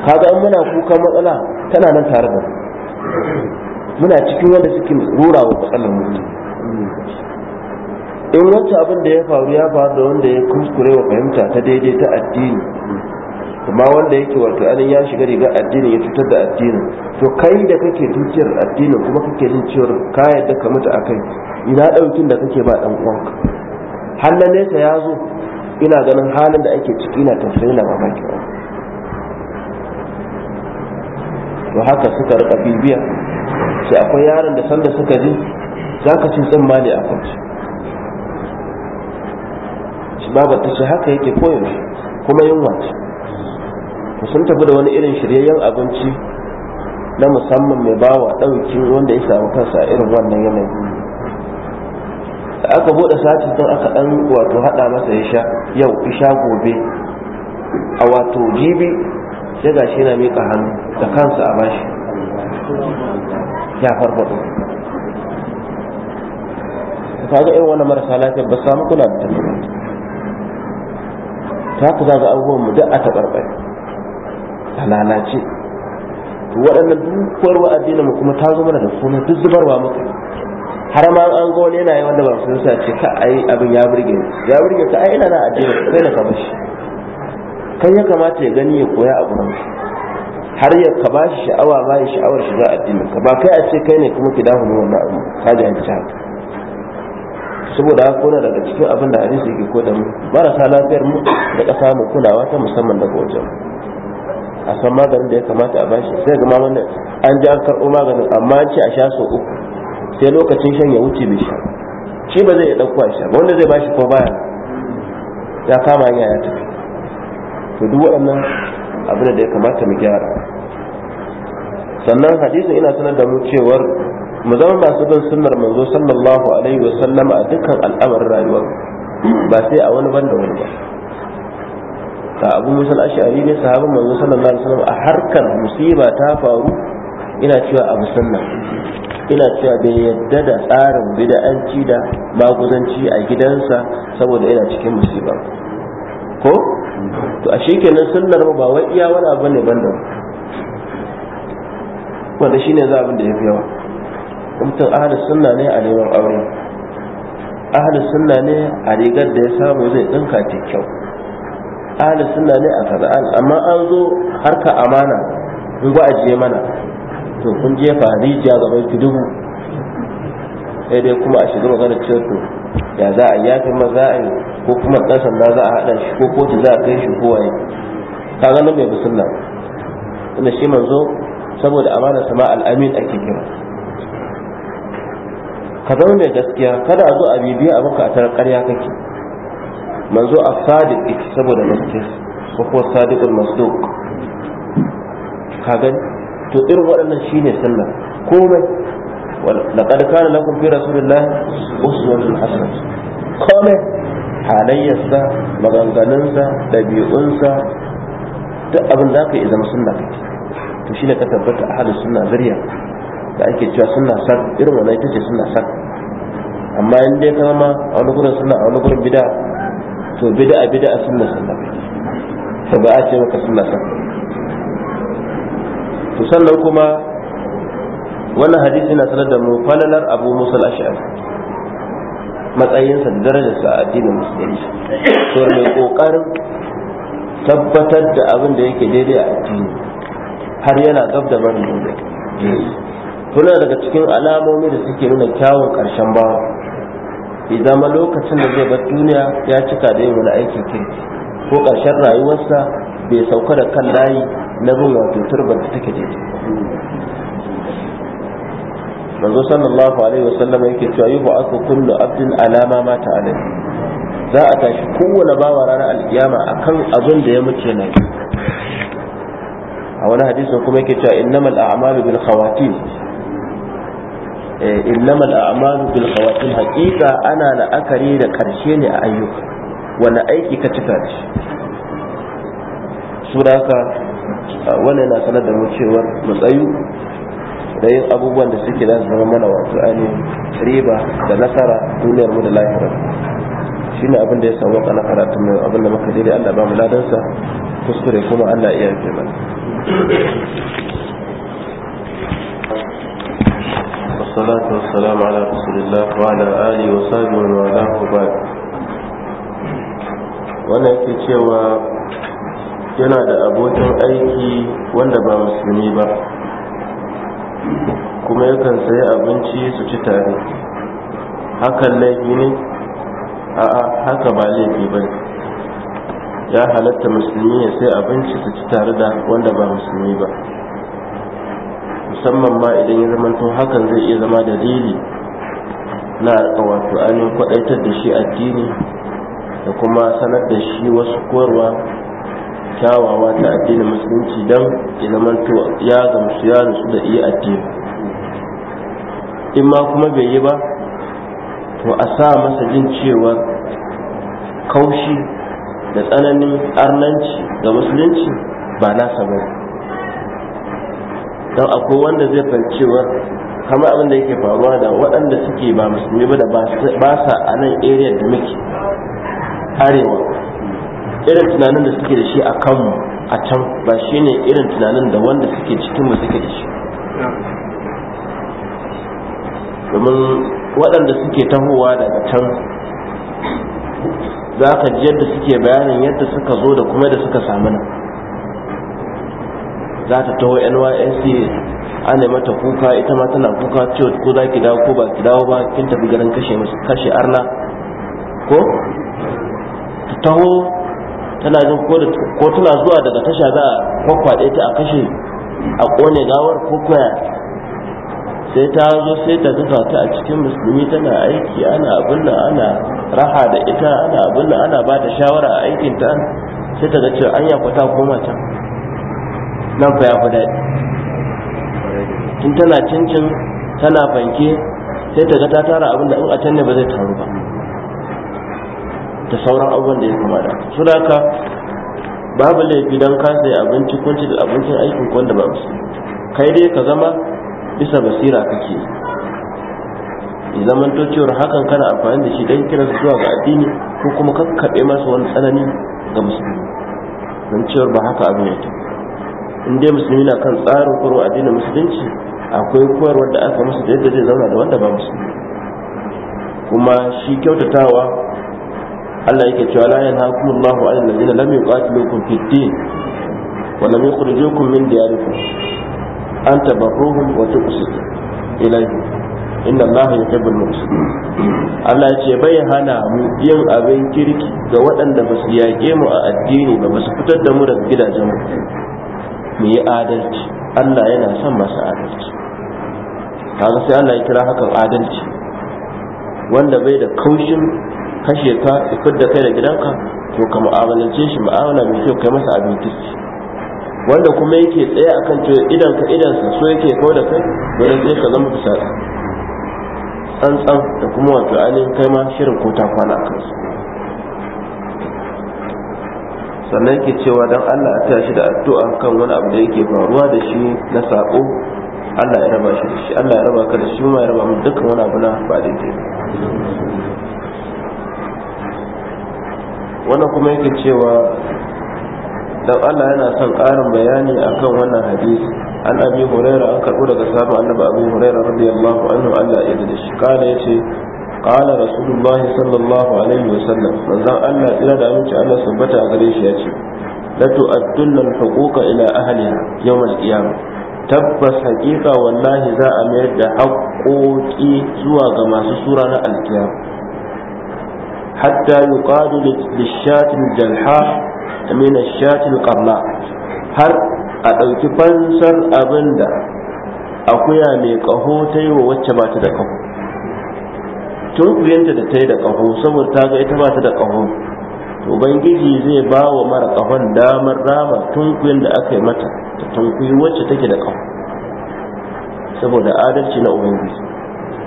kaga an muna kuka matsala tana nan tare da muna cikin wanda suke rura wa matsalar mutum in wancan abin da ya faru ya faru da wanda ya kuskure wa fahimta ta daidai ta addini kuma wanda yake wato anin ya shiga riga addini ya cutar da addinin to kai da kake dukiyar addinin kuma kake jin cewar ka yadda ka mutu a kai ina ɗaukin da kake ba ɗan uwanka nesa ya zo ina ganin halin da ake ciki na tausayi na mamaki to haka suka rika bibiya sai akwai yaron da sanda suka ji za ka ci ne a kwanci babar ta ce haka yake koyaushe kuma yunwa ce sun tafi da wani irin shiryayyen abinci na musamman mai bawa ɗaukin wanda ya samu kansa a irin wannan yanayi da aka buɗe sati don aka ɗan wato haɗa masa ya sha yau isha gobe a wato jibi ya ga shi na miƙa hannu da kansa a bashi ya farfaɗo ga irin wannan marasa lafiya ba samu kula da tafiya ta ku zaga abubuwan mu duk a taɓarɓare a lalace to waɗannan dukwar wa addinin mu kuma ta zo mana da sunan duk zubarwa muka har ma an ga wani yana yi wanda ba su sa ce ka ai abin ya burge ya burge ka ai ina na addini kai na kama shi kai ya kamata ya gani ya koya a gurin har ya ka ba shi sha'awa ba ya sha'awar shiga addinin ka ba kai a ce kai ne kuma ki dahu wannan abu ka ji haka saboda haka kuna daga cikin abin da hadisi yake ko da mu marasa lafiyar mu da kasa mu kulawa ta musamman daga wajen a san maganin da ya kamata a bashi sai ga mamanin an ji an karɓo maganin amma an ce a sha sau uku sai lokacin shan ya wuce bai sha shi ba zai ɗauko a sha ba wanda zai bashi ko baya ya kama hanya ya tafi to duk waɗannan abin da ya kamata mu gyara sannan hadisin ina sanar da mu cewar mu zama masu bin sunnar manzo sallallahu alaihi wa sallama a dukkan al'amar rayuwa ba sai a wani banda wani ba ka abu musa al-ash'ari ne sahabban manzo sallallahu alaihi wa sallam a harkar musiba ta faru ina cewa abu sunna ina cewa bai yadda da tsarin bid'anci da maguzanci a gidansa saboda ina cikin musiba ko to a shekenan sunnar ba wai iya wani abu ne banda wanda shine za abin da ya fi yawa mutum ahalus sunna ne a neman aure ahalus sunna ne a rigar da ya samu zai dinka ta kyau ahalus sunna ne a kaza amma an zo harka amana in ba a je mana to kun jefa rijiya gaban ki dubu sai dai kuma a shiga maganar cewa to ya za a yafi ma za a yi ko kuma dan sanda za a hada shi ko kotu za a kai shi ko waye ka ga nan bai bi sunna tunda shi manzo saboda amana sama al-amin ake kira ka zama mai gaskiya kada a zo a bibiya a maka a tarar ƙarya kake manzo a sadiq ita saboda gaskiya ko kuwa sadiqul masduq ka gani to irin waɗannan shine sallah komai laqad kana lakum fi rasulillahi uswatun hasanah komai halayyarsa maganganunsa ɗabi'unsa duk abin da aka yi zama sunna kake to shine ka tabbata ahlus sunna zuriya da ake cewa suna sak irin wannan ita ce suna sak amma in dai kama ma a wani gurin suna a wani gurin bida to bida a bida a suna suna to ba a ce maka suna sak to sannan kuma wannan hadisi na sanar da mu falalar abu musul ash'ari matsayinsa da darajarsa a addinin musulmi to mai kokarin tabbatar da abin da yake daidai a addini har yana gab da barin dole suna daga cikin alamomi da suke nuna kyawun karshen bawa bai zama lokacin da zai bar duniya ya cika da yin wani aikin kirki ko karshen rayuwarsa bai sauka da kan layi na bin wato turban da take daidai manzo sallallahu alaihi wasallam yake cewa yubu aku kullu abdin alama mata alai za a tashi kowane bawa ranar alkiyama akan abin da ya mace na a wani hadisin kuma yake cewa innamal a'malu bil khawatim Eh, innamal a'malu bil khawatim haqiqa ana la'akari da karshe ne a ayyuka wani aiki ka cika da shi su yana sanar da mu cewar da yin abubuwan da suke za zama mana wato ainihin riba da nasara duniyar mu da lahira. shi ne abin da ya samu kana karatu, mai abin da muka daidai Allah ba mu ladansa kuskure kuma Allah iya yafe mana والصلاة والسلام على رسول الله وعلى آله وصحبه ومن والاه وبعد wannan yake cewa yana da abokin aiki wanda ba musulmi ba kuma yakan sayi abinci su ci tare hakan laifi ne a'a haka ba laifi ba ya halatta musulmi ya sai abinci su ci tare da wanda ba musulmi ba musamman ma idan ya zamanto hakan zai iya zama dalili na wato ainihin kwadaitar da shi addini da kuma sanar da shi wasu korwa kyawawa ta addinin musulunci don ya to ya gamsu ya da iya addini in ma kuma bai yi ba to a sa masa jin cewa kaushi da tsananin arnanci ga musulunci ba nasa bane don akwai wanda zai fancewa kamar abin da yake faruwa da waɗanda suke ba musulmi ba da ba sa a nan area da muke arewa irin tunanin da suke da shi a kanmu a can ba shi ne irin tunanin da wanda suke cikinmu suke da shi domin waɗanda suke tahowa daga can za ka ji yadda suke bayanin yadda suka zo da kuma da suka samu nan za ta taho nysc an mata kuka ita ma tana kuka cewa ko za ki dawo ko ba ki dawo ba kin tafi garin kashe kashe arna ko ta taho tana jin ko tana zuwa daga tasha za a kwakwaɗe ta a kashe a ƙone gawar ko koya sai ta zo sai ta zuba ta a cikin musulmi tana aiki ana da ana raha da ita ana da ana ba ta shawara a aikinta sai ta ga cewa an kwata koma can nan fa ya fi daɗi in tana cincin tana fanke sai ta ga ta tara abin da in a can ne ba zai taru ba da sauran abubuwan da ya kamata su da haka babu laifi don ka sai abinci kunci da abincin aikin wanda ba su kai dai ka zama bisa basira kake ya zaman to cewar hakan kana amfani da shi don kira su zuwa ga addini ko kuma kakkaɓe masu wani tsanani ga musulmi don cewar ba haka abin ya tafi in dai musulmi na kan tsarin koro addinin musulunci akwai koyarwar wadda aka musu da yadda zai zauna da wanda ba musulmi kuma shi kyautatawa Allah yake cewa la yanhaakum Allahu ala ladina lam yuqatilukum fid din wa lam yukhrijukum min diyarikum an tabarruhum wa tuqsitu ilayhi inna Allah yuhibbul muqsitin Allah ya ce bai hana mu yin abin kirki ga waɗanda ba su yaƙe mu a addini ba ba su fitar da mu daga gidajen mu mu yi adalci Allah yana son masu adalci kaga sai Allah ya kira hakan adalci wanda bai da kaushin kashe ka fitar da kai da gidanka to ka mu'amalance shi mu'amala mai kyau kai masa abinci wanda kuma yake tsaye akan cewa idan ka idan sa so yake kawo da kai dole sai ka zama kusa tsantsan da kuma wato ainihin kai ma shirin ko ta kwana a kansu sannan ke cewa don Allah a tashi da addu'a kan wani abu da yake faruwa da shi na saƙo, Allah ya raba shi da shi Allah ya raba ka da shi ma ya raba mu dukkan wani abu na ba daidai wannan kuma yake cewa dan Allah yana son ƙarin bayani akan wannan hadisi an abi huraira an karɓo daga sahabu annabi abu huraira radiyallahu anhu Allah ya yarda da shi kana yace qala rasulullah sallallahu alaihi wasallam manzon Allah tsira da aminci Allah sabbata a gare shi ya ce la tu'addunna al-huquqa ila ahliha yawm al-qiyamah tabbas haƙiƙa wallahi za a mayar da haƙoƙi zuwa ga masu sura na alkiyama hatta yuqadu jarha jalha min ashatil qarna har a ɗauki fansar abinda akuya mai ƙaho ta wacce ba ta da ƙaho tun da ta yi da ƙaho saboda ta ga ita ba ta da ƙaho to ubangiji zai ba wa mara ƙahon damar rama tun da aka yi mata ta tun wacce take da ƙaho saboda adalci na ubangiji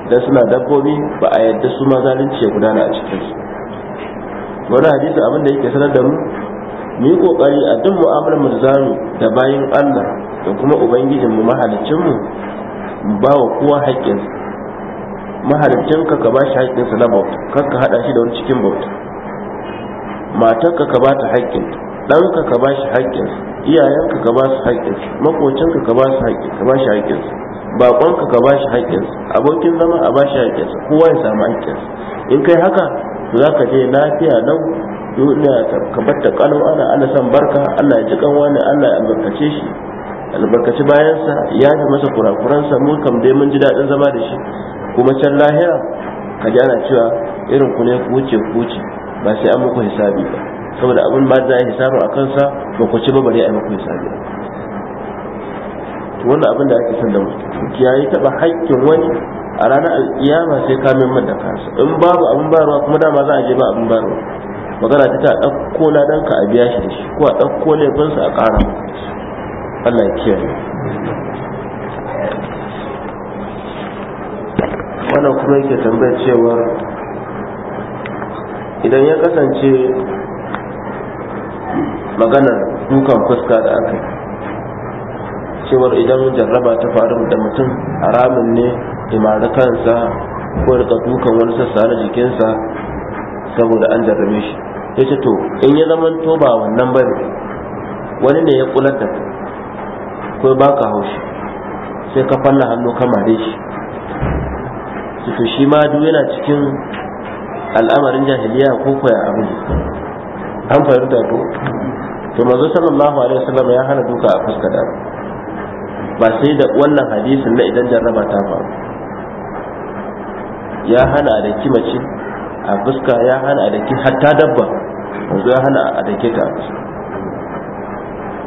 dan suna dabbobi ba a yadda su ma zalunci ya gudana a cikin su wani hadisi abin da yake sanar da mu mu yi kokari a duk mu'amalar mu da zamu da bayin Allah da kuma ubangijin mu mahaliccin mu mu ba wa kowa haƙƙinsa mahalicinka ka ba shi sa na bauta kan ka haɗa shi da wani cikin bauta matar ka ka ba ta haƙƙin dan ka ba shi haƙƙinsa iyayenka ka ba su haƙƙinsa makocinka ka ba su ka ba shi haƙƙinsa bakon ka ba shi haƙƙinsa abokin zama a ba shi haƙƙinsa kowa ya samu haƙƙinsa in kai haka to za ka je lafiya lau duniya ka batta kalau ana ana son barka Allah ya ji kanwa ne Allah ya albarkace shi albarkaci bayansa ya fi masa kurakuransa mun kam dai mun ji daɗin zama da shi kuma can lahira ka ji ana cewa irin ku ne ku wuce ku wuce ba sai an muku hisabi ba saboda abin ba za a hisabu a kansa ba ku ci ba bare a muku hisabi to wannan abin da ake san da mu kiyaye taba haƙƙin wani a ranar alƙiyama sai ka min da kansa in babu abin barwa kuma dama za a je ba abin barwa magana ta ta ɗauko ladanka a biya shi da shi ko a ɗauko laifinsa a ƙara Allah ya kiyaye wannan kuma yake tambayar cewa idan ya kasance maganar dukan fuska da aka yi cewar idan jarraba ta faru da mutum haramun ne imari kansa ko rika dukan wani sassa na jikinsa saboda an jarrabe shi ya ce to in ya zama to ba wannan bane wani ne ya kular da ko baka haushi sai ka falla hannu ka mare shi to shi ma duk yana cikin al'amarin jahiliya ko koya abu ne an fahimta ko to manzo sallallahu alaihi wasallam ya hana duka a da ba sai da wannan hadisin na idan jarraba ta faru ya hana da kimace a fuska ya hana da ki hatta dabba manzo ya hana a dake ta a fuska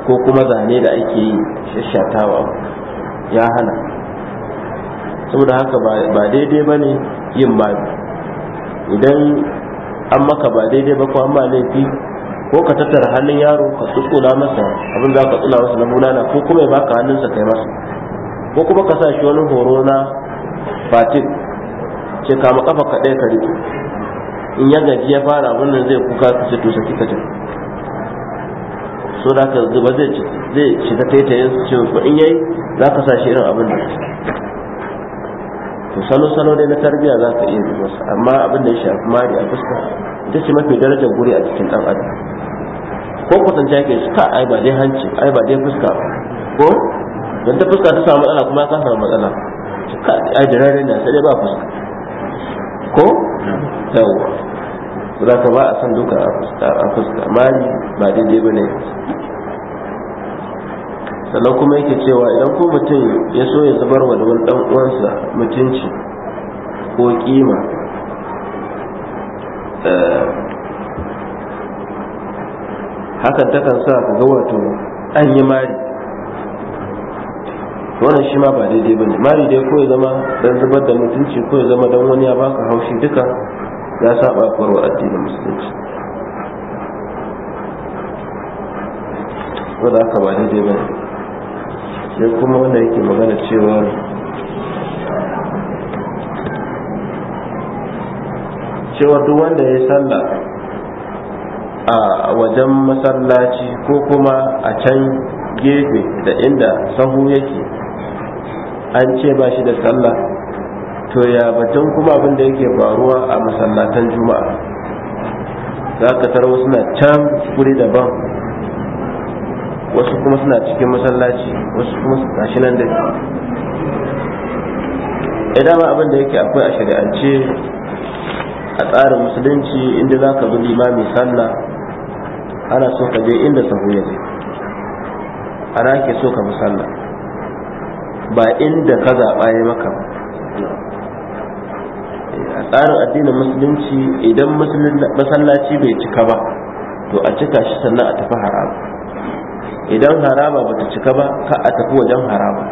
ko kuma zane da ake yi shashatawa ya hana saboda haka ba daidai ba ne yin ba idan an maka ba daidai ba ko an ba laifi ko ka tattara hannun yaro ka tsukuna masa abin za ka tsula masa na munana ko kuma ya baka hannunsa kai masa ko kuma ka sa shi wani horo na fatin ce kama kafa kaɗai ɗaya ka rike in ya gaji ya fara abin zai kuka ka ce to saki ka so da ka zuba zai ci zai taita yin cin su in yayi za ka sa shi irin abin da to salo salo dai na tarbiya za ka iya zuwa amma abin da ya shafi mari a fuska ita ce mafi darajar guri a cikin dan adam ko kwatanta jake shi ka ai ba dai hanci ai ba dai fuska ko dan ta fuska ta samu matsala kuma ka samu matsala ka ai da rarrena sai dai ba fuska ko yawwa za ka ba a san duka a fuska mali ba daidai ba ne sannan kuma yake cewa idan ko mutum ya so ya zubar wa da wani dan uwansa mutunci ko kima eh, hakan ta kan sa ka ga wato an yi mari wannan shi ma ba daidai ba ne mari dai ko ya zama dan zubar da mutunci ko ya zama dan wani ya baka haushi duka ya saba korwa addinin musulunci wadda aka ba dai ba sai kuma wanda yake magana cewa cewa duk wanda ya salla a wajen masallaci ko kuma a can gefe da inda sahu yake an ce ba shi da sallah to ya batun kuma abin da yake faruwa a masallatan juma'a za ka tara wasu na can guri daban wasu kuma suna cikin masallaci wasu kuma su tashi nan da idan eh, ma abin da yake akwai a shari'ance a tsarin musulunci inda za ka bi limami sallah ana so ka je inda sahu ya je ana ke so ka musalla sallah ba inda ka zaɓa ya maka ba tsarin addinin musulunci idan masallaci bai cika ba to a cika shi sannan a tafi haraba idan haraba ba ta cika ba ka a tafi wajen haraba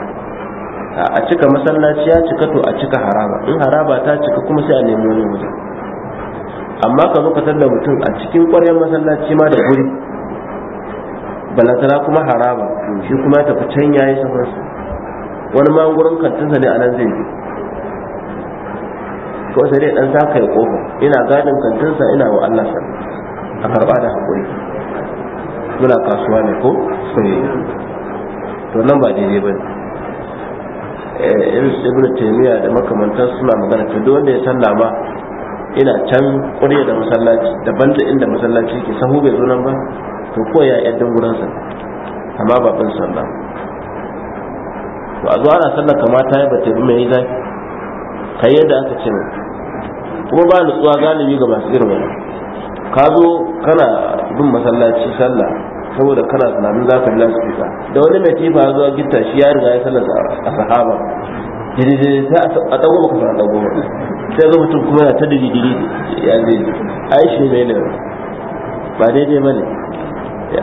a cika masallaci ya cika to a cika haraba in haraba ta cika kuma sai a nemi wani waje. amma ka zo ka sanda mutum a cikin ƙwaryar masallaci ma da guri balatara kuma haraba shi kuma ya tafi can yayi sahunsa? wani ma wurin kantinsa ne a nan zai je ko sai dai dan zaka yi kofa ina gadin kantinsa ina wa Allah sallah a karba da hakuri muna kasuwa ne ko sai eh. to nan ba daidai bane eh, irin ibn taymiya da makamantar suna magana ta duk wanda ya san ma ina can ƙurya da masallaci daban da inda masallaci ke sahu bai zo nan ba to ko ya yaddan gurinsa amma ba bin sallah to a zo ana ta kamata ya bata bi mai zafi kai yadda aka ce kuma ba nutsuwa galibi ga masu irin wani ka zo kana bin masallaci sallah saboda kana tunanin za ka lafi fita da wani mai tifa zuwa gitta shi ya riga ya sallar a sahaba jirgin sai a ɗago maka fara ɗago sai zo mutum kuma na ta digigiri ya zai aishi mai ne ba daidai ba ne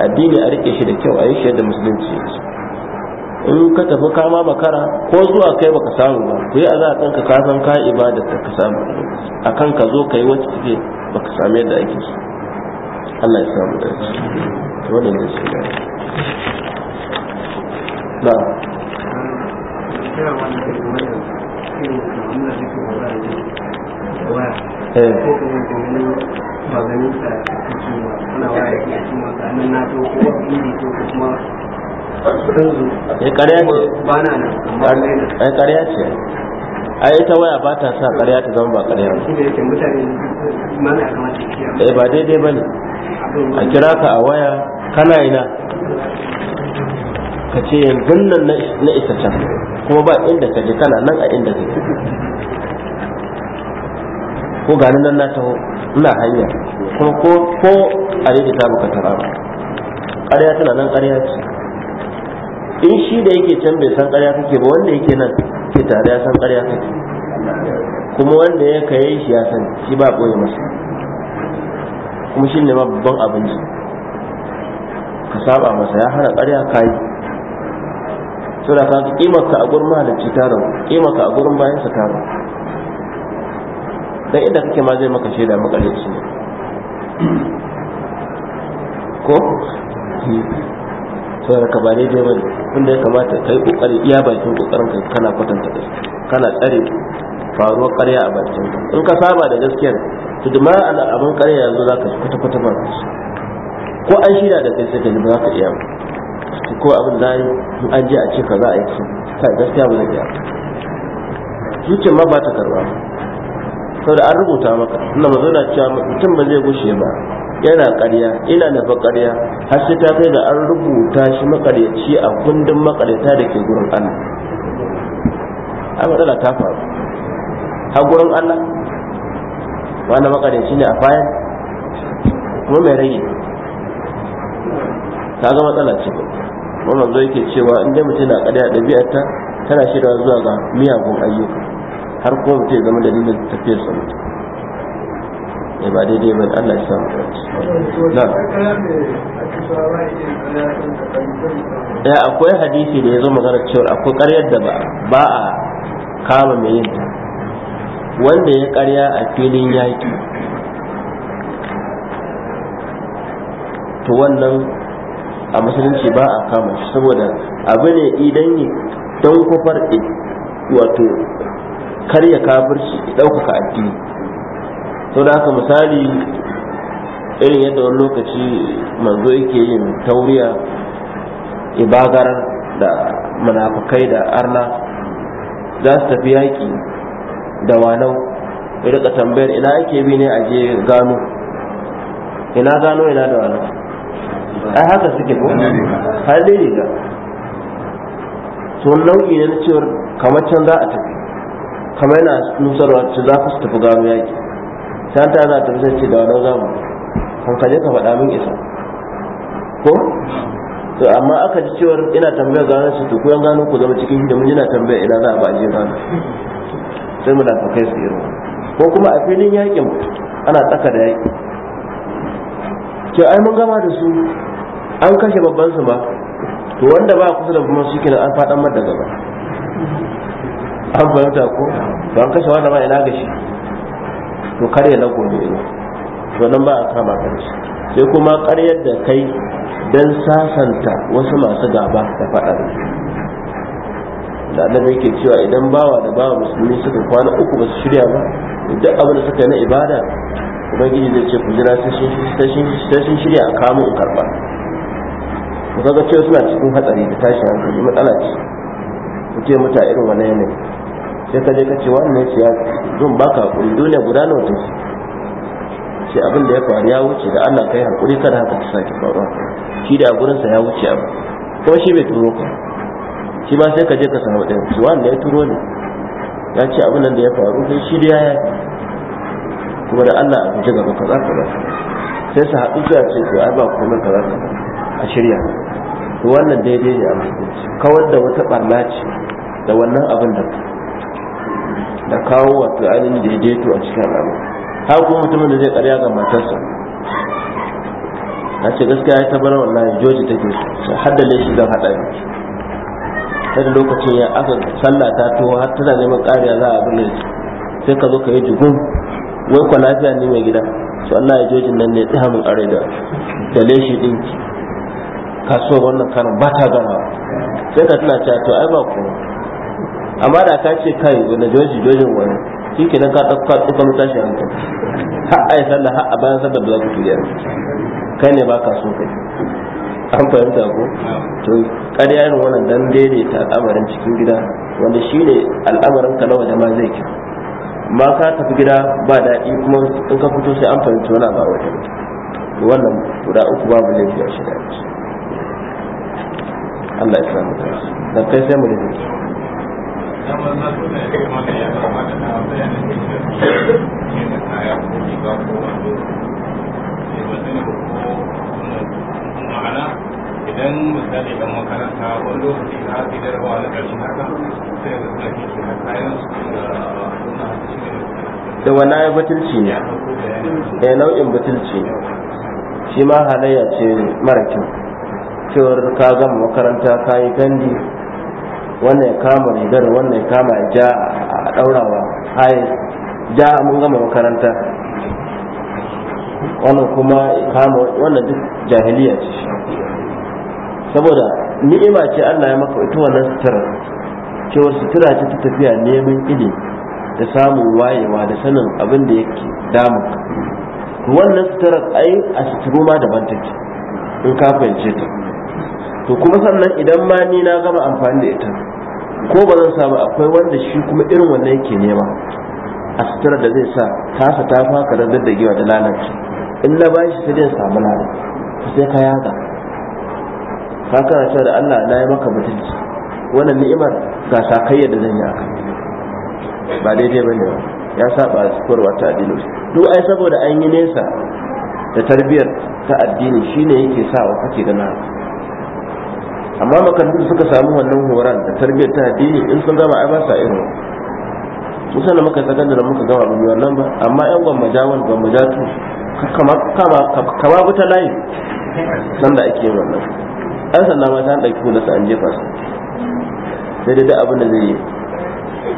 addini a rike shi da kyau a yi shi yadda musulunci in ka tafi kama makara ko zuwa kai baka samu ba ku yi a za a kanka ka san ka ibada ta ka samu a kan ka zo ka yi wacce ke baka same da ake su Allah ya samu eh. da shi wannan ne shi da na eh Eh, ya eh, ƙarya ce ai ƙarya ce a ita waya ba ta sa ƙarya ta zama ba ƙarya ba eh, ba daidai ba ne a kira ka a waya kana ina ka ce yanzu nan na isa can kuma ba inda ka je kana nan a inda ka ko gani nan na taho ina hanya ko ko a yi da ta baka tara ƙarya tana nan ƙarya ce in shi da yake can bai san ƙarya kake ba wanda yake nan ke tare ya san ƙarya kake kuma wanda ya kaye shi ya san shi ba ɓoye masa kuma shi ne babban abin shi ka saba masa ya hana ƙarya kayi saboda ka kimar ka a gurin mahalicci taron, rabu ka a gurin bayan sa taron dan inda kake ma zai maka shaida makalici ne ko saboda ka ba daidai mai, inda ya kamata ka yi kokari iya bakin kokarin ka kana kwatanta da kana tsare faruwar ƙarya a bakin in ka saba da gaskiyar to duma abin ƙarya yanzu za ka kwata kwata ba ko an shirya da kai sai ka ba ka iya ba, ko abin da yi in an je a ce ka za a yi su kai gaskiya ba zai iya zuciyar ma ba ta karba saboda an rubuta maka ina mazo na cewa mutum ba zai gushe ba yana ƙarya ina nafa ƙarya har sai ta kai ga an rubuta shi makaryaci a kundin makaryata da ke gurin Allah a ta faru ha gurin Allah wani makaryaci ne a fayan kuma mai rage ta ga matsala ce kuma manzo yake cewa in dai mutum na ƙarya ɗabi'arta tana shirya zuwa ga miyagun ayyuka har kuma mutum ya zama dalilin tafiyar sa mutum ne eh, ba daidai ba Allah ya samu ya eh, akwai hadisi da ya zo magana cewa akwai karyar da ba a kama mai yin ta wanda ya karya a filin yaki to wannan a musulunci ba a kama shi saboda abu ne idan yi don kufar wato karya kafirci ɗaukaka addini to da haka misali irin yadda wani lokaci manzo yake yin tauriya ibagarar da munafukai da arna za su tafi yaƙi da wanau ya rika tambayar ina ake bi ne a je gano ina gano ina da wanau ai haka suke ko har dai riga sun nau'i ne na cewar kamar can za a tafi kamar yana nusarwa ce za ku su tafi gano yaƙi san ta za ta fi sace da walau zamu kan ka je ka faɗa min isa ko to amma aka ji cewar ina tambayar zanen su to kuyan gano ku zama cikin hidima yana tambayar ina za a ba je gano sai mu da kai su irin ko kuma a filin yakin ana tsaka da yaki ke ai mun gama da su an kashe babban su ba to wanda ba kusa da kuma shi kenan an faɗan mar da gaba an fahimta ko to an kashe wanda ba ina gashi to karya na gobe ne to nan ba a kama ka sai kuma karyar da kai dan sasanta wasu masu gaba da faɗa da annabi yake cewa idan bawa da bawa musulmi suka kwana uku ba su shirya ba duk abin da suka yi na ibada ubangiji zai ce ku jira sai sun shirya a kamo in karba ku kaga cewa suna cikin hatsari da tashin hankali matsala ce ku ce irin wani yanayi sai ka je ka ce wannan ce ya zun baka hakuri duniya guda nawa ta ce abin da ya faru ya wuce da Allah kai hakuri kada haka ta sake faruwa shi da gurin sa ya wuce abu ko shi bai turo ka shi ba sai ka je ka samu ɗaya su wanda ya turo ne ya ce abin da ya faru sai shi da ya kuma da Allah a guje gaba kaza kaza sai su haɗu su ce to ai ba komai kaza kaza a shirya to wannan daidai ne a kawar da wata barna ce da wannan abin da ka da kawo wato ainihin daidaito a cikin al'amari har kuma mutumin da zai karya ga matarsa a ce gaskiya ya bar wallahi joji take su haddale shi zan haɗa ne sai lokacin ya aka sallah ta to har tana neman ƙariya za a bane sai ka zo ka yi jigun wai kwa lafiya ne mai gida su Allah ya joji nan ne tsaya mun ƙare da dale shi ɗin kasuwar wannan karin ba ta gama sai ka tana cewa to ai ba kuma amma da ka ce kai wani joji jojin wani shi ke nan ka ɗauka ɗauka mu tashi hankali har a yi sallah har a bayan sallah da za ku tuya kai ne ba ka so kai an fahimta ko to ƙarya irin wannan dan daidaita al'amarin cikin gida wanda shi ne al'amarin ka na waje ma zai kyau ma ka tafi gida ba daɗi kuma in ka fito sai an fahimci wani ba wajen wannan guda uku babu laifi a shida Allah ya samu da kai sai mu da da wani ya batulci ne da eh, nau'in batulci shi ma halayya ce mara kyau cewar ka gama makaranta ka yi gandi wannan ya kama rigar wannan ya kama ya ja a ɗaurawa haye ja mun gama makaranta wannan kuma ya kama wannan duk jahiliya ce saboda ni'ima ce Allah ya maka ita wannan sutura cewar sutura ce ta tafiya neman ilimi da samun wayewa da sanin abin da yake damu wannan sutura ai a suturu ma daban take in ka fahimce ta to kuma sannan idan ma ni na gama amfani da ita ko ba zan samu akwai wanda shi kuma irin wannan yake nema a sutura da zai sa tasa ta faka da daddagewa da lalace in na ba shi sai samu lalace sai ka yaga ka kana da Allah na yi maka mutunci wannan ni'imar ga sakayya da zan yi aka ba daidai bane ba ya saba sukurwa ta addini duk ai saboda an yi nesa da tarbiyyar ta addini shine yake sawa kake ganin haka amma makarantu suka samu wannan horon da tarbiyyar ta addini in sun gama ai ba sa irin su sanar muka sakandare muka gama ba wannan ba amma yan gwammaja wani gwammaja tu kama wuta layi nan da ake wannan an sannan ma ta an ɗauki hulasa an jefa su sai dai duk abin da zai yi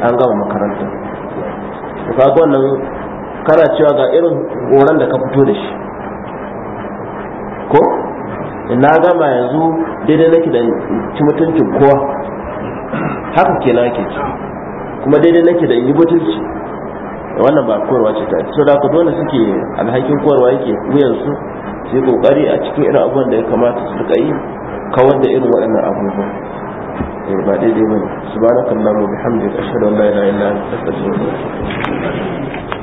an gama makaranta to kaga wannan kana cewa ga irin horon da ka fito da shi ko na gama yanzu daidai nake da ci mutuncin kowa haka ke na ke ci kuma daidai nake da yi mutunci wannan ba kowarwa ce ta so da dole suke alhakin kowarwa yake wuyansu su yi kokari a cikin irin abubuwan da ya kamata su rika yi kawar da irin waɗannan abubuwan eh, ba daidai ba ne subhanakallahumma bihamdika ashhadu an la ilaha illa anta astaghfiruka wa atubu